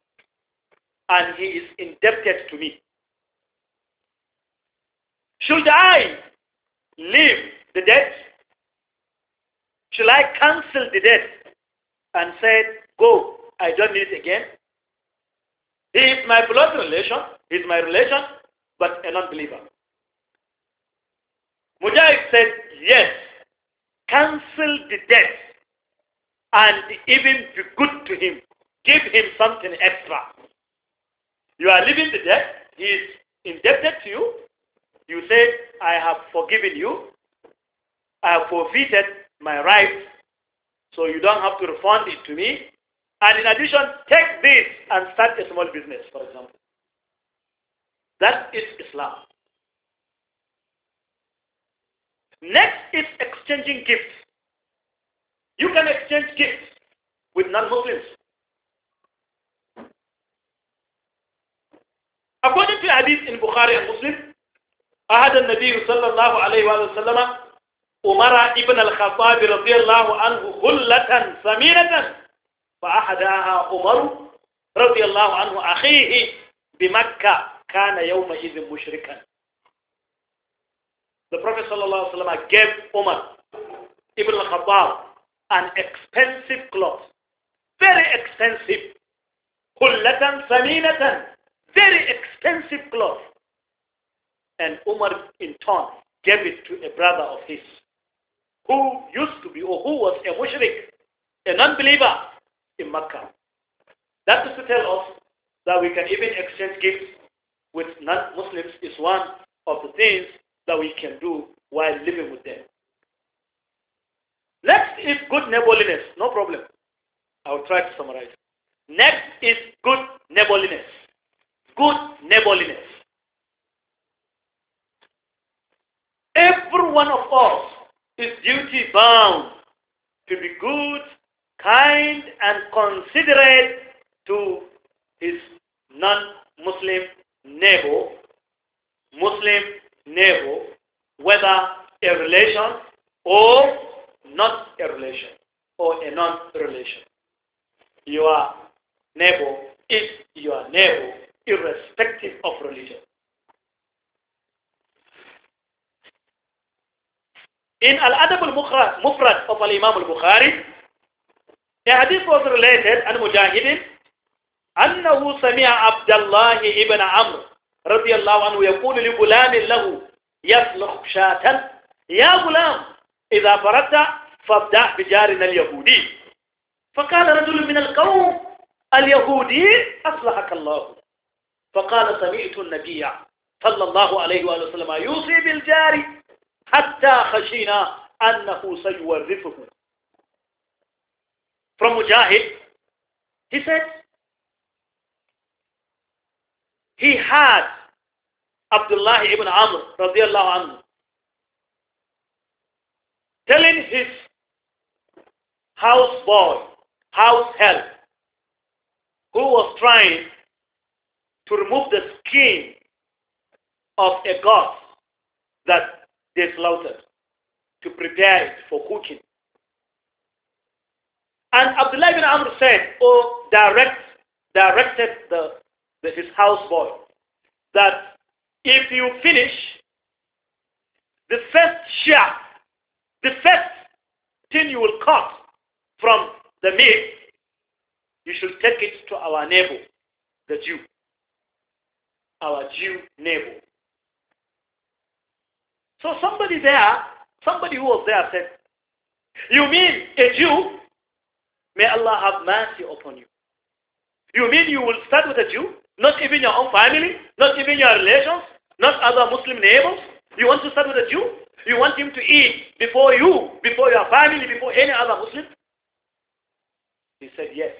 and he is indebted to me. Should I leave the debt? Should I cancel the debt and say, go, I don't need it again? He is my blood relation, he is my relation, but a non-believer. Mujahid said, yes, cancel the debt and even be good to him. Give him something extra. You are leaving the debt. He is indebted to you. You say, I have forgiven you. I have forfeited my rights. So you don't have to refund it to me. And in addition, take this and start a small business, for example. That is Islam. Next is exchanging gifts. You can exchange gifts with non-Muslims. According to hadith in Bukhari and Muslim, أحد النبي صلى الله عليه وسلم أمر ابن الخطاب رضي الله عنه خلة سمينة فأحدها أمر رضي الله عنه أخيه بمكة كان يومئذ مشركا The Prophet صلى الله عليه وسلم gave Umar ibn al-Khattab an expensive cloth very expensive خلة ثمينة very expensive expensive cloth. And Umar in turn gave it to a brother of his who used to be or who was a mushrik, a non-believer in Makkah. That is to tell us that we can even exchange gifts with non-Muslims is one of the things that we can do while living with them. Next is good neighborliness. No problem. I will try to summarize. Next is good neighborliness good neighborliness. Every one of us is duty bound to be good, kind, and considerate to his non-Muslim neighbor, Muslim neighbor, whether a relation or not a relation or a non-relation. Your neighbor is your neighbor irrespective of religion. In Al-Adab al-Mufrad of Al-Imam al-Bukhari, the hadith was related and Mujahidin, أنه سمع عبد الله ابن عمرو رضي الله عنه يقول لغلام له يسلخ شاة يا غلام إذا فردت فابدع بجارنا اليهودي فقال رجل من القوم اليهودي أصلحك الله فقال سمعت النبي صلى الله عليه وآله وسلم يوصي بالجار حتى خشينا أنه سيورثه From Mujahid, he said, he had Abdullah ibn Amr رضي الله عنه telling his houseboy, house help, who was trying to remove the skin of a goat that they slaughtered to prepare it for cooking. And Abdullah ibn Amr said, or oh, direct, directed the, the, his houseboy, that if you finish the first shaft, the first thing you will cut from the meat, you should take it to our neighbor, the Jew our Jew neighbor. So somebody there, somebody who was there said, you mean a Jew? May Allah have mercy upon you. You mean you will start with a Jew? Not even your own family? Not even your relations? Not other Muslim neighbors? You want to start with a Jew? You want him to eat before you, before your family, before any other Muslim? He said, yes.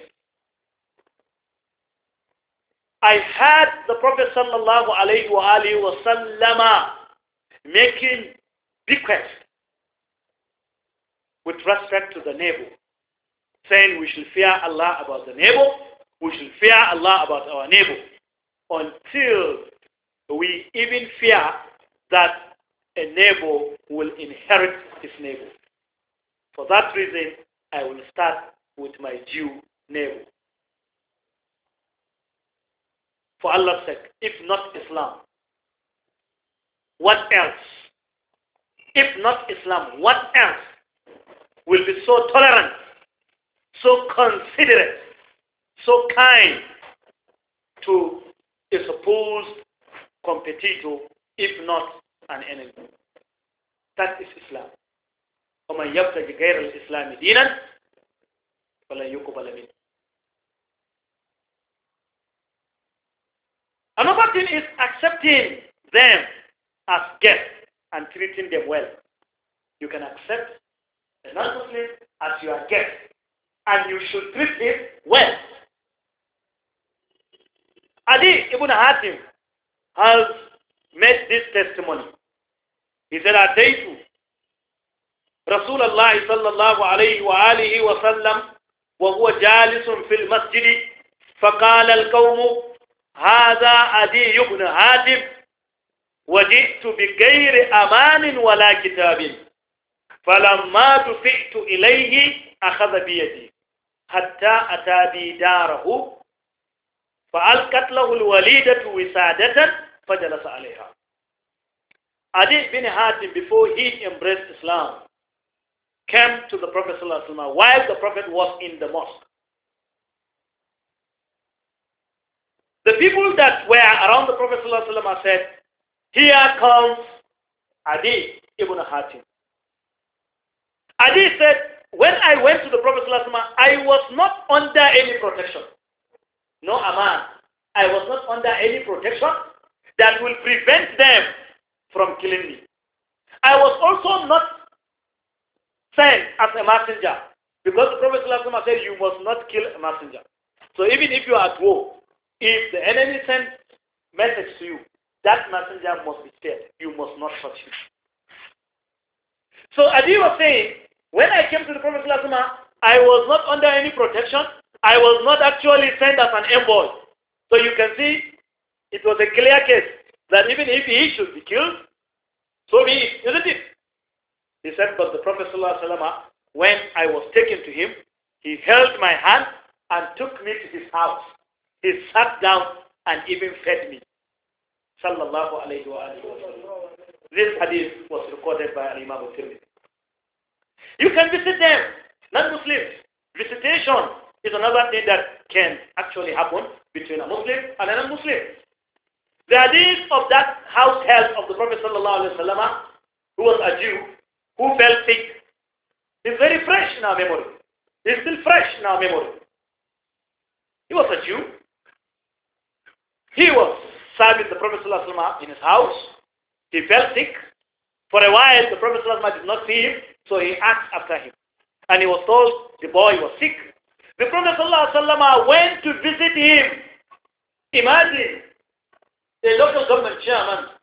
I heard the Prophet sallallahu alayhi wa sallama making request with respect to the neighbor, saying we should fear Allah about the neighbor, we should fear Allah about our neighbor, until we even fear that a neighbor will inherit his neighbor. For that reason, I will start with my Jew neighbor. for Allah's sake, if not Islam? What else? If not Islam, what else will be so tolerant, so considerate, so kind to a supposed competitor, if not an enemy? That is Islam. ومن يبتغي غير الإسلام دينا فلن يقبل منه Another thing is accepting them as guests and treating them well. You can accept another non as your guest, and you should treat him well. Ali ibn Hatim has made this testimony. He said, أتيت رسول الله صلى الله عليه وآله وسلم وهو جالس في المسجد فقال القوم هذا أدي بن هاتم وجئت بغير أمان ولا كتاب فلما دفعت إليه أخذ بيدي حتى أتى بي داره فألقت له الوليدة وسادة فجلس عليها Adi bin Hatim, before he embraced Islam, came to the Prophet ﷺ while the Prophet was in the mosque. The people that were around the Prophet ﷺ said, here comes Adi ibn Hatim. Adi said, when I went to the Prophet ﷺ, I was not under any protection. No aman. I was not under any protection that will prevent them from killing me. I was also not sent as a messenger because the Prophet ﷺ said, you must not kill a messenger. So even if you are at war, if the enemy sends message to you, that messenger must be dead. You must not touch him. So Adi was saying, when I came to the Prophet I was not under any protection. I was not actually sent as an envoy. So you can see it was a clear case that even if he should be killed, so be it, isn't it? He said, but the Prophet ﷺ, when I was taken to him, he held my hand and took me to his house. He sat down and even fed me. Sallallahu alayhi wa alayhi wa This hadith was recorded by Imam al You can visit them, non-Muslims. Visitation is another thing that can actually happen between a Muslim and a non-Muslim. The hadith of that house help of the Prophet sallallahu alayhi wa sallam, who was a Jew, who fell sick, is very fresh in our memory. It's still fresh in our memory. He was a Jew he was serving the Prophet ﷺ in his house. He fell sick. For a while, the Prophet ﷺ did not see him, so he asked after him. And he was told the boy was sick. The Prophet ﷺ went to visit him. Imagine a local government chairman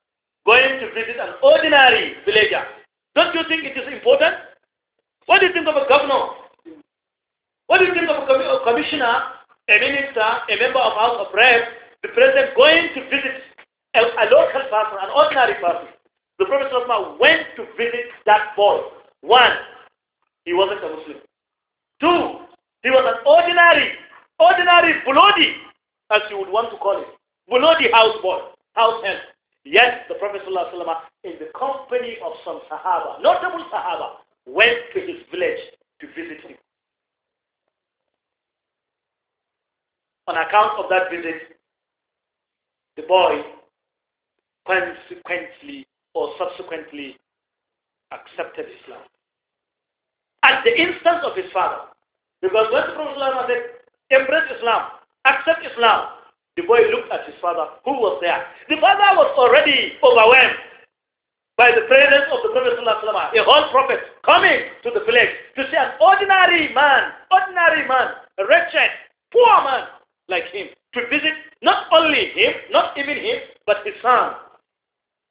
going to visit an ordinary villager. Don't you think it is important? What do you think of a governor? What do you think of a commissioner, a minister, a member of House of Reps, the president going to visit a, a local person, an ordinary person. The Prophet went to visit that boy. One, he wasn't a Muslim. Two, he was an ordinary, ordinary bulodi, as you would want to call it. Bulodi houseboy, house help. Yes, the Prophet in the company of some Sahaba, notable Sahaba, went to his village to visit him. On account of that visit, the boy consequently or subsequently accepted Islam. At the instance of his father. Because when the Prophet said, embrace Islam, accept Islam, the boy looked at his father who was there. The father was already overwhelmed by the presence of the Prophet a whole prophet coming to the village to see an ordinary man, ordinary man, a wretched, poor man like him to visit not only him, not even him, but his son.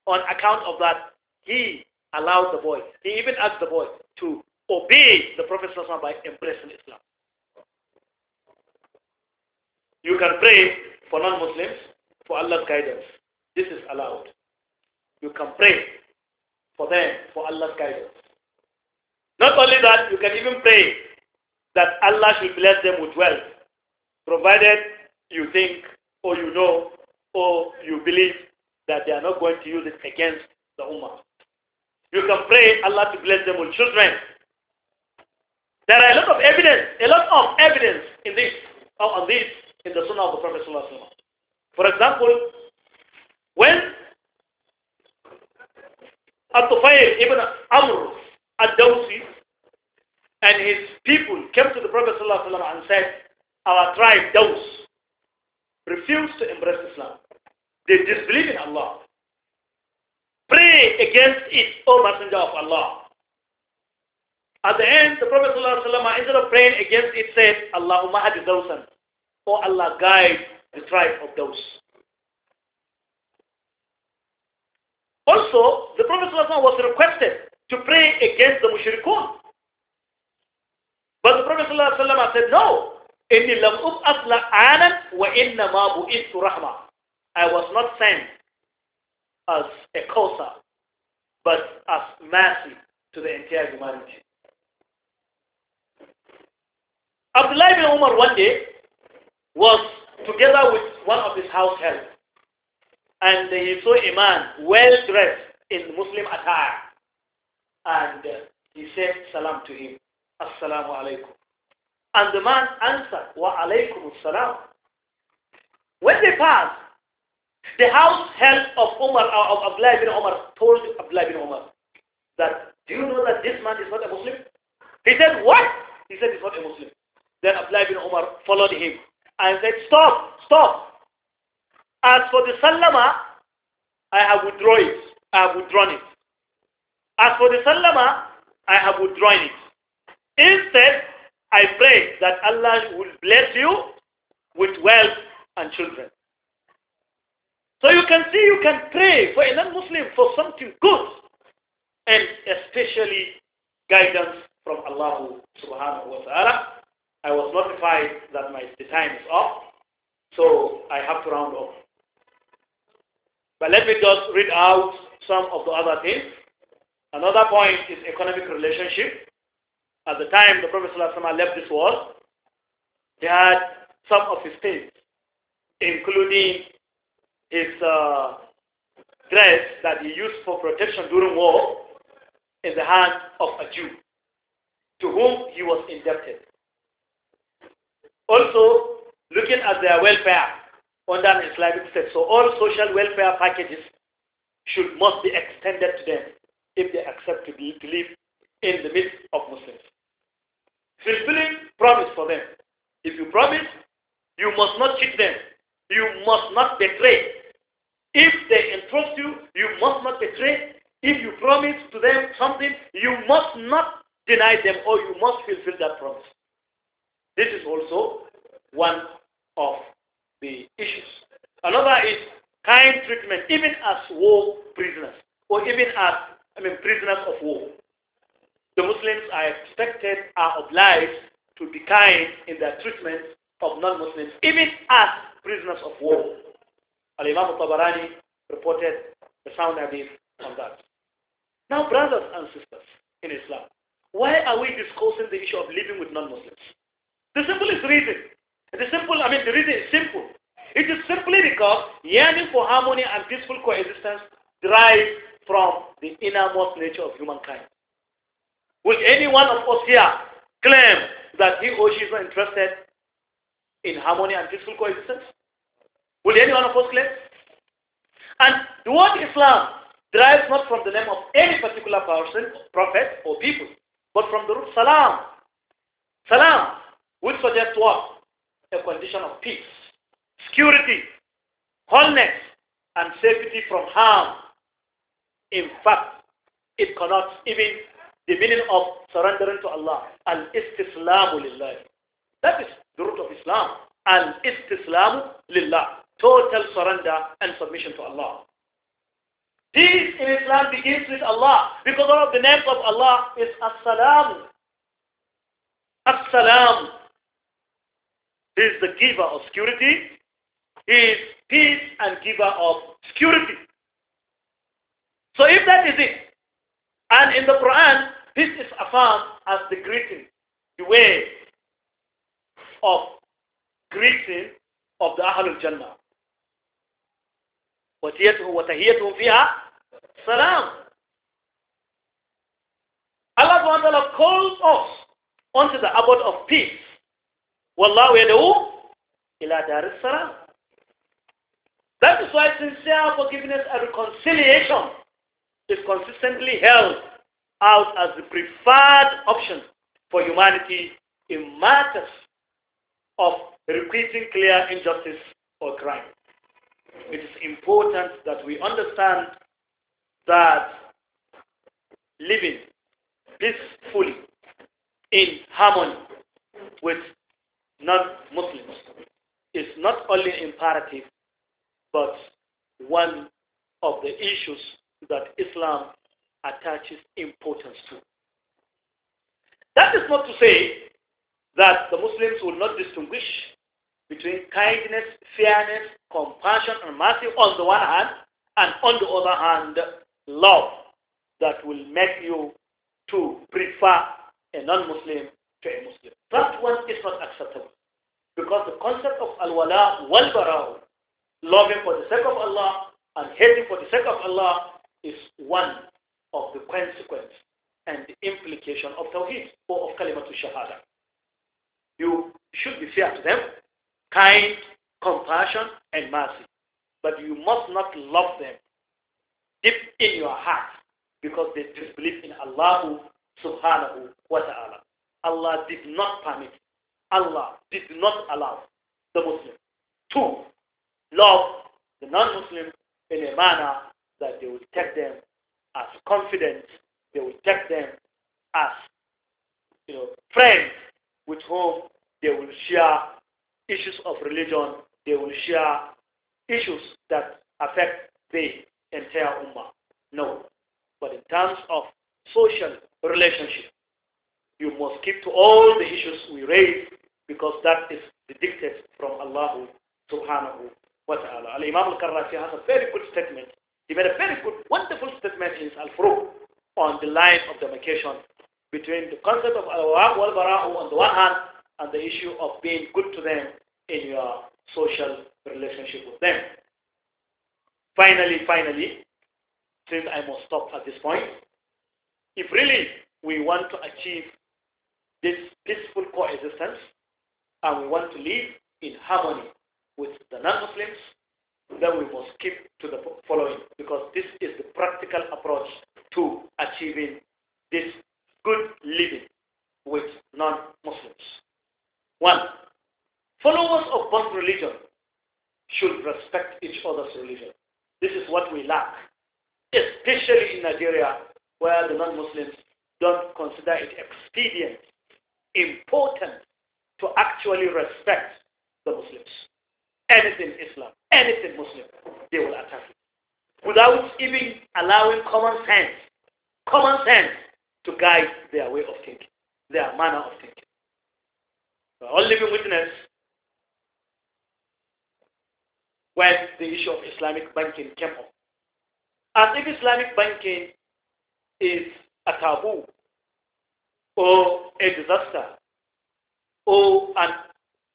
On account of that, he allowed the boy, he even asked the boy to obey the Prophet by embracing Islam. You can pray for non-Muslims for Allah's guidance. This is allowed. You can pray for them for Allah's guidance. Not only that, you can even pray that Allah should bless them with wealth, provided you think or you know or you believe that they are not going to use it against the Ummah. You can pray Allah to bless them with children. There are a lot of evidence, a lot of evidence in this, on this, in the Sunnah of the Prophet Sallallahu For example, when Al-Tufayl ibn Amr al-Dawsi and his people came to the Prophet Sallallahu and said, our tribe, Dawsi." refuse to embrace Islam. They disbelieve in Allah. Pray against it, O Messenger of Allah. At the end, the Prophet ﷺ, instead of praying against it, said, Allahumma hadi dawsan. O Allah, guide the tribe of those. Also, the Prophet ﷺ was requested to pray against the mushrikun. But the Prophet ﷺ said, no, إني لم أبعث لعانا وإنما بئست رحمة I was not sent as a causer but as mercy to the entire humanity. Abdullah ibn Umar one day was together with one of his house help and he saw a man well dressed in Muslim attire and he said salam to him. Assalamu alaikum. And the man answered, Wa alaykum salam. When they passed, the house held of Umar, uh, of Abdullah bin Umar, told Abdullah bin Umar that, do you know that this man is not a Muslim? He said, what? He said, he's not a Muslim. Then Abdullah bin Umar followed him and said, stop, stop. As for the Salama, I have withdrawn it. I have withdrawn it. As for the Salama, I have withdrawn it. Instead, I pray that Allah will bless you with wealth and children. So you can see you can pray for a non-Muslim for something good and especially guidance from Allah subhanahu wa ta'ala. I was notified that my time is up, so I have to round off. But let me just read out some of the other things. Another point is economic relationship at the time the Prophet ﷺ left this world, he had some of his things, including his uh, dress that he used for protection during war in the hand of a Jew to whom he was indebted. Also, looking at their welfare under an Islamic state. So all social welfare packages should must be extended to them if they accept to, be, to live in the midst of Muslims fulfilling promise for them. If you promise, you must not cheat them. You must not betray. If they entrust you, you must not betray. If you promise to them something, you must not deny them or you must fulfill that promise. This is also one of the issues. Another is kind treatment, even as war prisoners, or even as, I mean, prisoners of war the Muslims are expected, are obliged to be kind in their treatment of non-Muslims, even as prisoners of war. Al-Imam Tabarani reported the sound hadith on that. Now, brothers and sisters in Islam, why are we discussing the issue of living with non-Muslims? The simplest reason, the simple, I mean, the reason is simple. It is simply because yearning for harmony and peaceful coexistence derives from the innermost nature of humankind. Will any one of us here claim that he or she is not interested in harmony and peaceful coexistence? Will any one of us claim? And the word Islam derives not from the name of any particular person, prophet, or people, but from the root salam. Salam would suggest what? A condition of peace, security, wholeness, and safety from harm. In fact, it connotes even the meaning of surrendering to Allah, al-istislamu lillah. That is the root of Islam, al-istislamu lillah. Total surrender and submission to Allah. Peace in Islam begins with Allah because one of the names of Allah is As-Salam. As-Salam. He is the giver of security. He is peace and giver of security. So if that is it, and in the Quran, this is affirmed as the greeting, the way of greeting of the Ahlul Jannah. وتحيتهم فيها salam. Allah subhanahu calls us onto the abode of peace. Wallahu yad'u ila dar salam. That is why sincere forgiveness and reconciliation is consistently held out as the preferred option for humanity in matters of repeating clear injustice or crime. It is important that we understand that living peacefully in harmony with non-Muslims is not only imperative but one of the issues that Islam attaches importance to. That is not to say that the Muslims will not distinguish between kindness, fairness, compassion, and mercy on the one hand, and on the other hand, love that will make you to prefer a non-Muslim to a Muslim. That one is not acceptable because the concept of al-wala wal-bara'u, loving for the sake of Allah and hating for the sake of Allah, is one of the consequence and the implication of Tawheed or of Kalimatul Shahada. You should be fair to them, kind, compassion, and mercy. But you must not love them deep in your heart because they disbelieve in Allah subhanahu wa ta'ala. Allah did not permit, Allah did not allow the Muslim to love the non-Muslim in a manner that they will take them as confident, They will take them as you know, friends with whom they will share issues of religion. They will share issues that affect the entire ummah. No. But in terms of social relationship, you must keep to all the issues we raise because that is dictated from Allah subhanahu wa ta'ala. Al-Imam al-Karrafi has a very good statement he made a very good, wonderful statement in his Al-Furuq on the line of demarcation between the concept of Al-Waq wal-Bara'u on the one hand and the issue of being good to them in your social relationship with them. Finally, finally, since I must stop at this point, if really we want to achieve this peaceful coexistence and we want to live in harmony with the non-Muslims then we must keep to the following because this is the practical approach to achieving this good living with non-Muslims. One, followers of both religions should respect each other's religion. This is what we lack, especially in Nigeria where the non-Muslims don't consider it expedient, important to actually respect the Muslims. Anything Islam anything Muslim, they will attack you. without even allowing common sense, common sense to guide their way of thinking, their manner of thinking. We're all living witness when the issue of Islamic banking came up. And if Islamic banking is a taboo or a disaster or an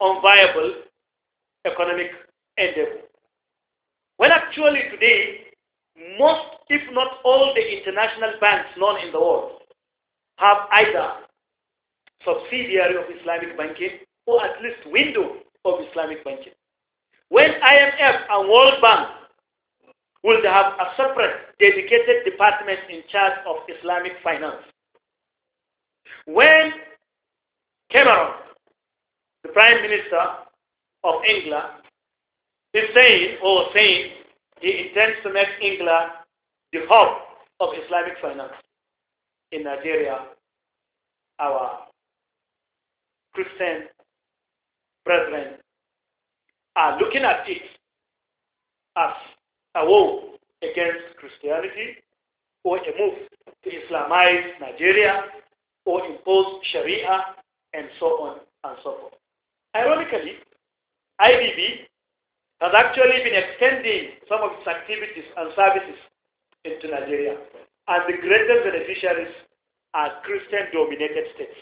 unviable economic and uh, when actually today, most, if not all the international banks known in the world have either subsidiary of Islamic banking or at least window of Islamic banking. When IMF and World Bank will have a separate dedicated department in charge of Islamic finance. When Cameron, the Prime Minister of England, this saying, or saying, he intends to make England the hub of Islamic finance. In Nigeria, our Christian brethren are looking at it as a war against Christianity or a move to Islamize Nigeria or impose Sharia and so on and so forth. Ironically, IBB has actually been extending some of its activities and services into Nigeria. And the greatest beneficiaries are Christian-dominated states.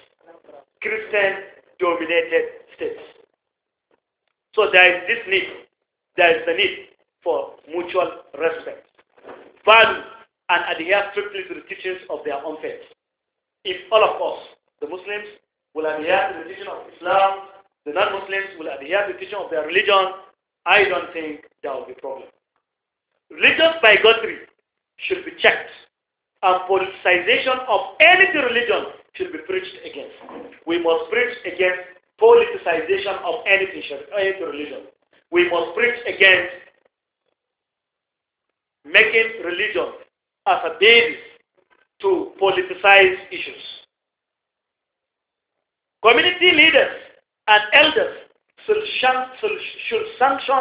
Christian-dominated states. So there is this need. There is the need for mutual respect, value, and adhere strictly to the teachings of their own faith. If all of us, the Muslims, will adhere to the teaching of Islam, the non-Muslims will adhere to the teaching of their religion, I don't think there will be problem. Religious bigotry should be checked and politicization of any religion should be preached against. We must preach against politicization of anything, any religion. We must preach against making religion as a basis to politicize issues. Community leaders and elders should sanction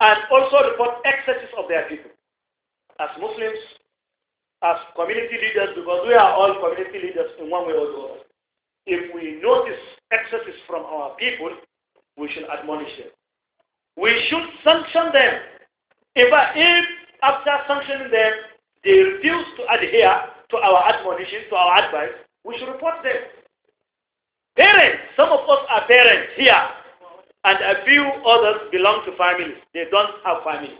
and also report excesses of their people. As Muslims, as community leaders, because we are all community leaders in one way or the other, if we notice excesses from our people, we should admonish them. We should sanction them. If, if after sanctioning them, they refuse to adhere to our admonition, to our advice, we should report them. Parents, some of us are parents here. And a few others belong to families. They don't have families.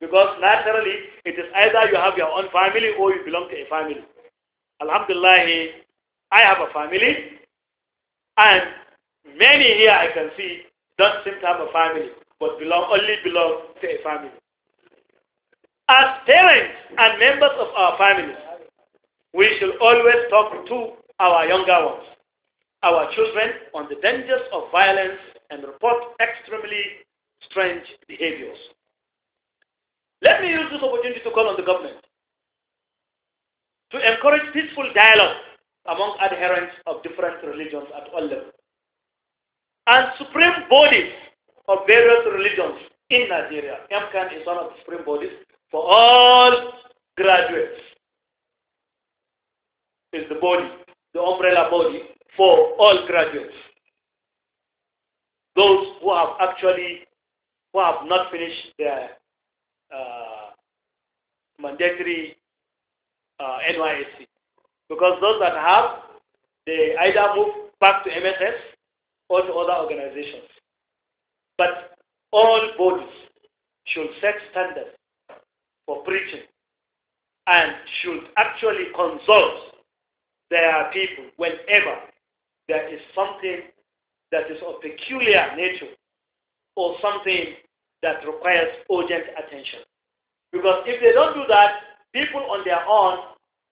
Because naturally, it is either you have your own family or you belong to a family. Alhamdulillah, I have a family. And many here I can see don't seem to have a family, but belong only belong to a family. As parents and members of our families, we should always talk to our younger ones, our children, on the dangers of violence and report extremely strange behaviors. Let me use this opportunity to call on the government to encourage peaceful dialogue among adherents of different religions at all levels and supreme bodies of various religions in Nigeria. MCAN is one of the supreme bodies for all graduates. Is the body, the umbrella body for all graduates those who have actually who have not finished their uh, mandatory uh, NYSC. Because those that have, they either move back to MSS or to other organizations. But all bodies should set standards for preaching and should actually consult their people whenever there is something that is of peculiar nature or something that requires urgent attention. Because if they don't do that, people on their own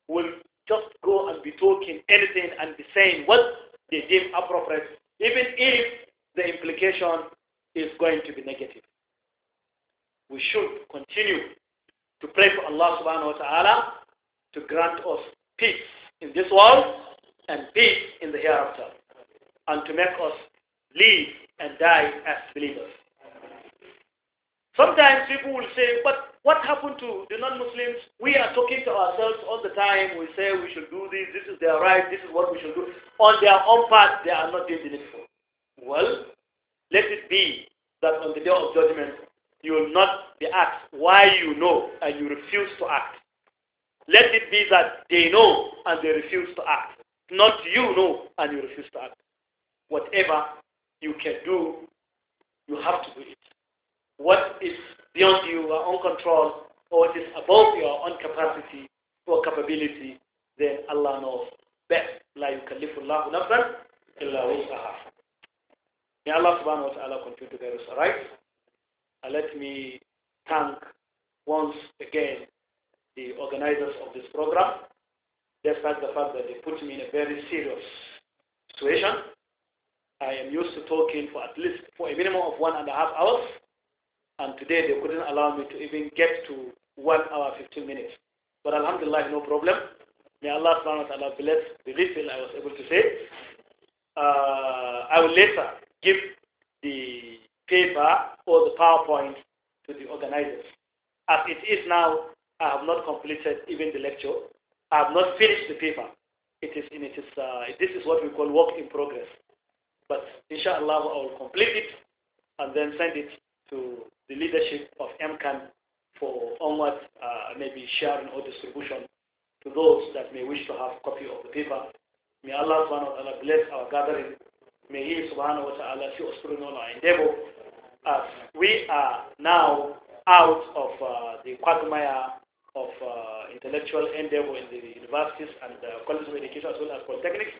will just go and be talking anything and be saying what they deem appropriate, even if the implication is going to be negative. We should continue to pray for Allah subhanahu wa ta'ala to grant us peace in this world and peace in the hereafter and to make us live and die as believers. Sometimes people will say, but what happened to the non-Muslims? We are talking to ourselves all the time. We say we should do this. This is their right. This is what we should do. On their own part, they are not doing it Well, let it be that on the day of judgment, you will not be asked why you know and you refuse to act. Let it be that they know and they refuse to act. Not you know and you refuse to act. Whatever you can do, you have to do it. What is beyond you or on control, or what is above your own capacity or capability, then Allah knows best. La yukallifullahu nafsan illa wusaha. May Allah subhanahu wa ta'ala continue to guide us right. And uh, let me thank once again the organizers of this program, despite the fact that they put me in a very serious situation. I am used to talking for at least for a minimum of one and a half hours, and today they couldn't allow me to even get to one hour, 15 minutes. But alhamdulillah, no problem. May Allah subhanahu wa ta'ala bless the little I was able to say. Uh, I will later give the paper or the PowerPoint to the organizers. As it is now, I have not completed even the lecture. I have not finished the paper. It is in it is uh, this is what we call work in progress. But inshallah, I will complete it and then send it to the leadership of MCAN for onward uh, maybe sharing or distribution to those that may wish to have copy of the paper. May Allah subhanahu wa ta'ala bless our gathering. May He subhanahu wa ta'ala see us through our endeavor as we are now out of uh, the quagmire of uh, intellectual endeavor in the universities and uh, colleges of education as well as polytechnics.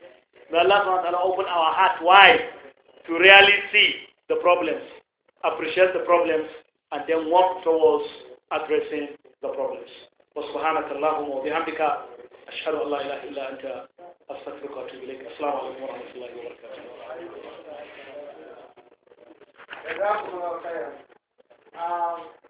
May Allah SWT open our heart wide to really see the problems, appreciate the problems, and then work towards addressing the problems. وسبحانك اللهم وبحمدك أشهد أن لا إله إلا أنت أستغفرك وأتوب إليك السلام عليكم ورحمة الله وبركاته